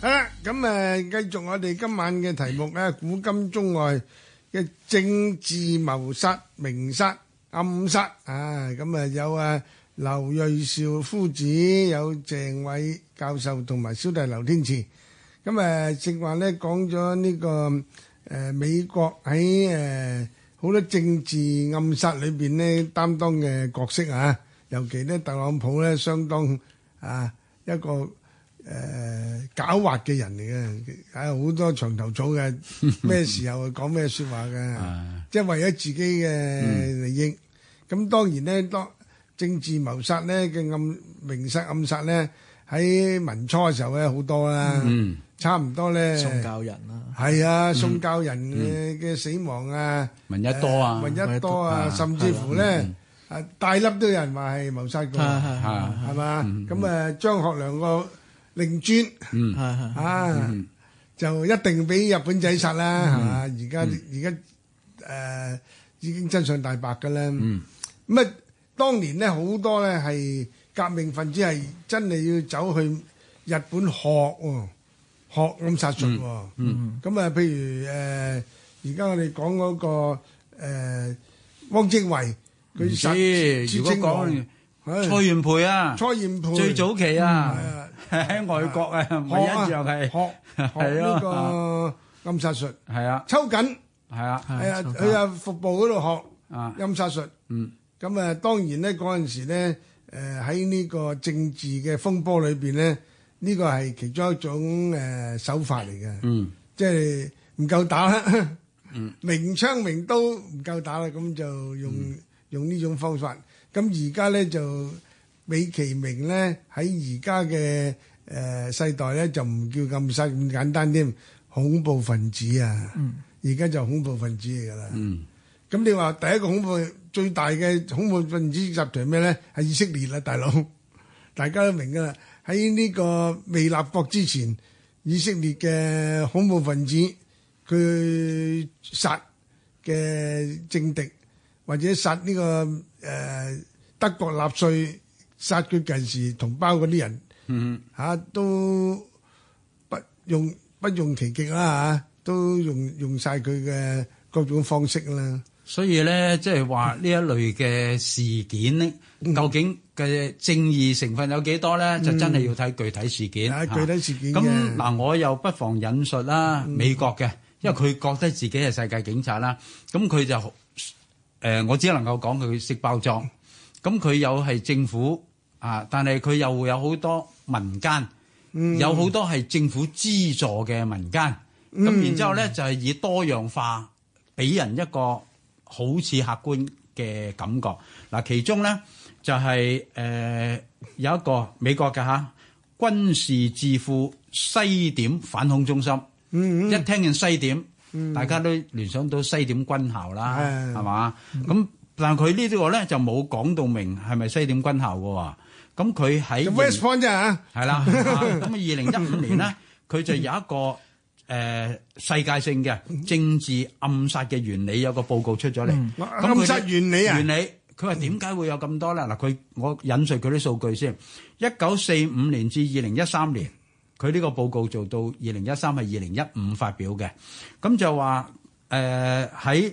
係啦，咁誒，繼續我哋今晚嘅題目咧，古今中外嘅政治謀殺、明殺、暗殺啊！咁啊，有啊劉銳紹夫子，有鄭煒教授同埋小弟劉天賜。咁誒，正話咧，講咗呢個誒，美國喺誒好多政治暗殺裏邊咧，擔當嘅角色啊，尤其咧，特朗普咧，相當啊一個。誒狡猾嘅人嚟嘅，誒好多長頭草嘅，咩時候講咩説話嘅，即係為咗自己嘅利益。咁當然咧，當政治謀殺咧嘅暗明殺暗殺咧，喺民初嘅時候咧好多啦，差唔多咧。宋教仁啦，係啊，宋教仁嘅嘅死亡啊，聞一多啊，聞一多啊，甚至乎咧啊大粒都有人話係謀殺過，係嘛？咁誒張學良個。令尊，啊，就一定俾日本仔殺啦，係嘛？而家而家誒已經真相大白㗎啦。咁啊，當年咧好多咧係革命分子係真係要走去日本學喎，學暗殺術喎。咁啊，譬如誒，而家我哋講嗰個汪精衛，佢講蔡元培啊，蔡元培最早期啊。喺外國啊，學一樣係學學呢個暗殺術，係啊，抽緊係啊，係啊，去啊服部嗰度學啊，暗殺術，嗯，咁啊，當然咧嗰陣時咧，誒喺呢個政治嘅風波裏邊咧，呢個係其中一種誒手法嚟嘅，嗯，即係唔夠打啦，嗯，明槍明刀唔夠打啦，咁就用用呢種方法，咁而家咧就。美其名咧，喺而家嘅誒世代咧，就唔叫咁細咁簡單添，恐怖分子啊，而家就恐怖分子嚟噶啦。咁你話第一個恐怖最大嘅恐怖分子集團咩咧？係以色列啦，大佬，大家都明噶啦。喺呢個未立國之前，以色列嘅恐怖分子佢殺嘅政敵或者殺呢個誒德國納粹。殺佢近時同胞嗰啲人，嚇、嗯啊、都不用不用其極啦嚇、啊，都用用曬佢嘅各種方式啦。所以咧，即係話呢一類嘅事件咧，嗯、究竟嘅正義成分有幾多咧？嗯、就真係要睇具體事件。嗯啊、具體事件咁嗱、啊，我又不妨引述啦、啊，嗯、美國嘅，因為佢覺得自己係世界警察啦，咁佢就誒、呃，我只能夠講佢識包裝，咁佢又係政府。啊！但係佢又會有好多民間，有好多係政府資助嘅民間咁，然之後咧就係以多樣化俾人一個好似客觀嘅感覺嗱。其中咧就係誒有一個美國嘅嚇軍事智庫西點反恐中心，一聽見西點，大家都聯想到西點軍校啦，係嘛咁？但係佢呢啲個咧就冇講到明係咪西點軍校嘅喎。咁佢喺，respond 啫嚇，係啦。咁二零一五年咧，佢就有一個誒世界性嘅政治暗殺嘅原理有個報告出咗嚟。暗殺原理啊，原理，佢話點解會有咁多咧？嗱，佢我引述佢啲數據先。一九四五年至二零一三年，佢呢個報告做到二零一三係二零一五發表嘅。咁就話誒喺。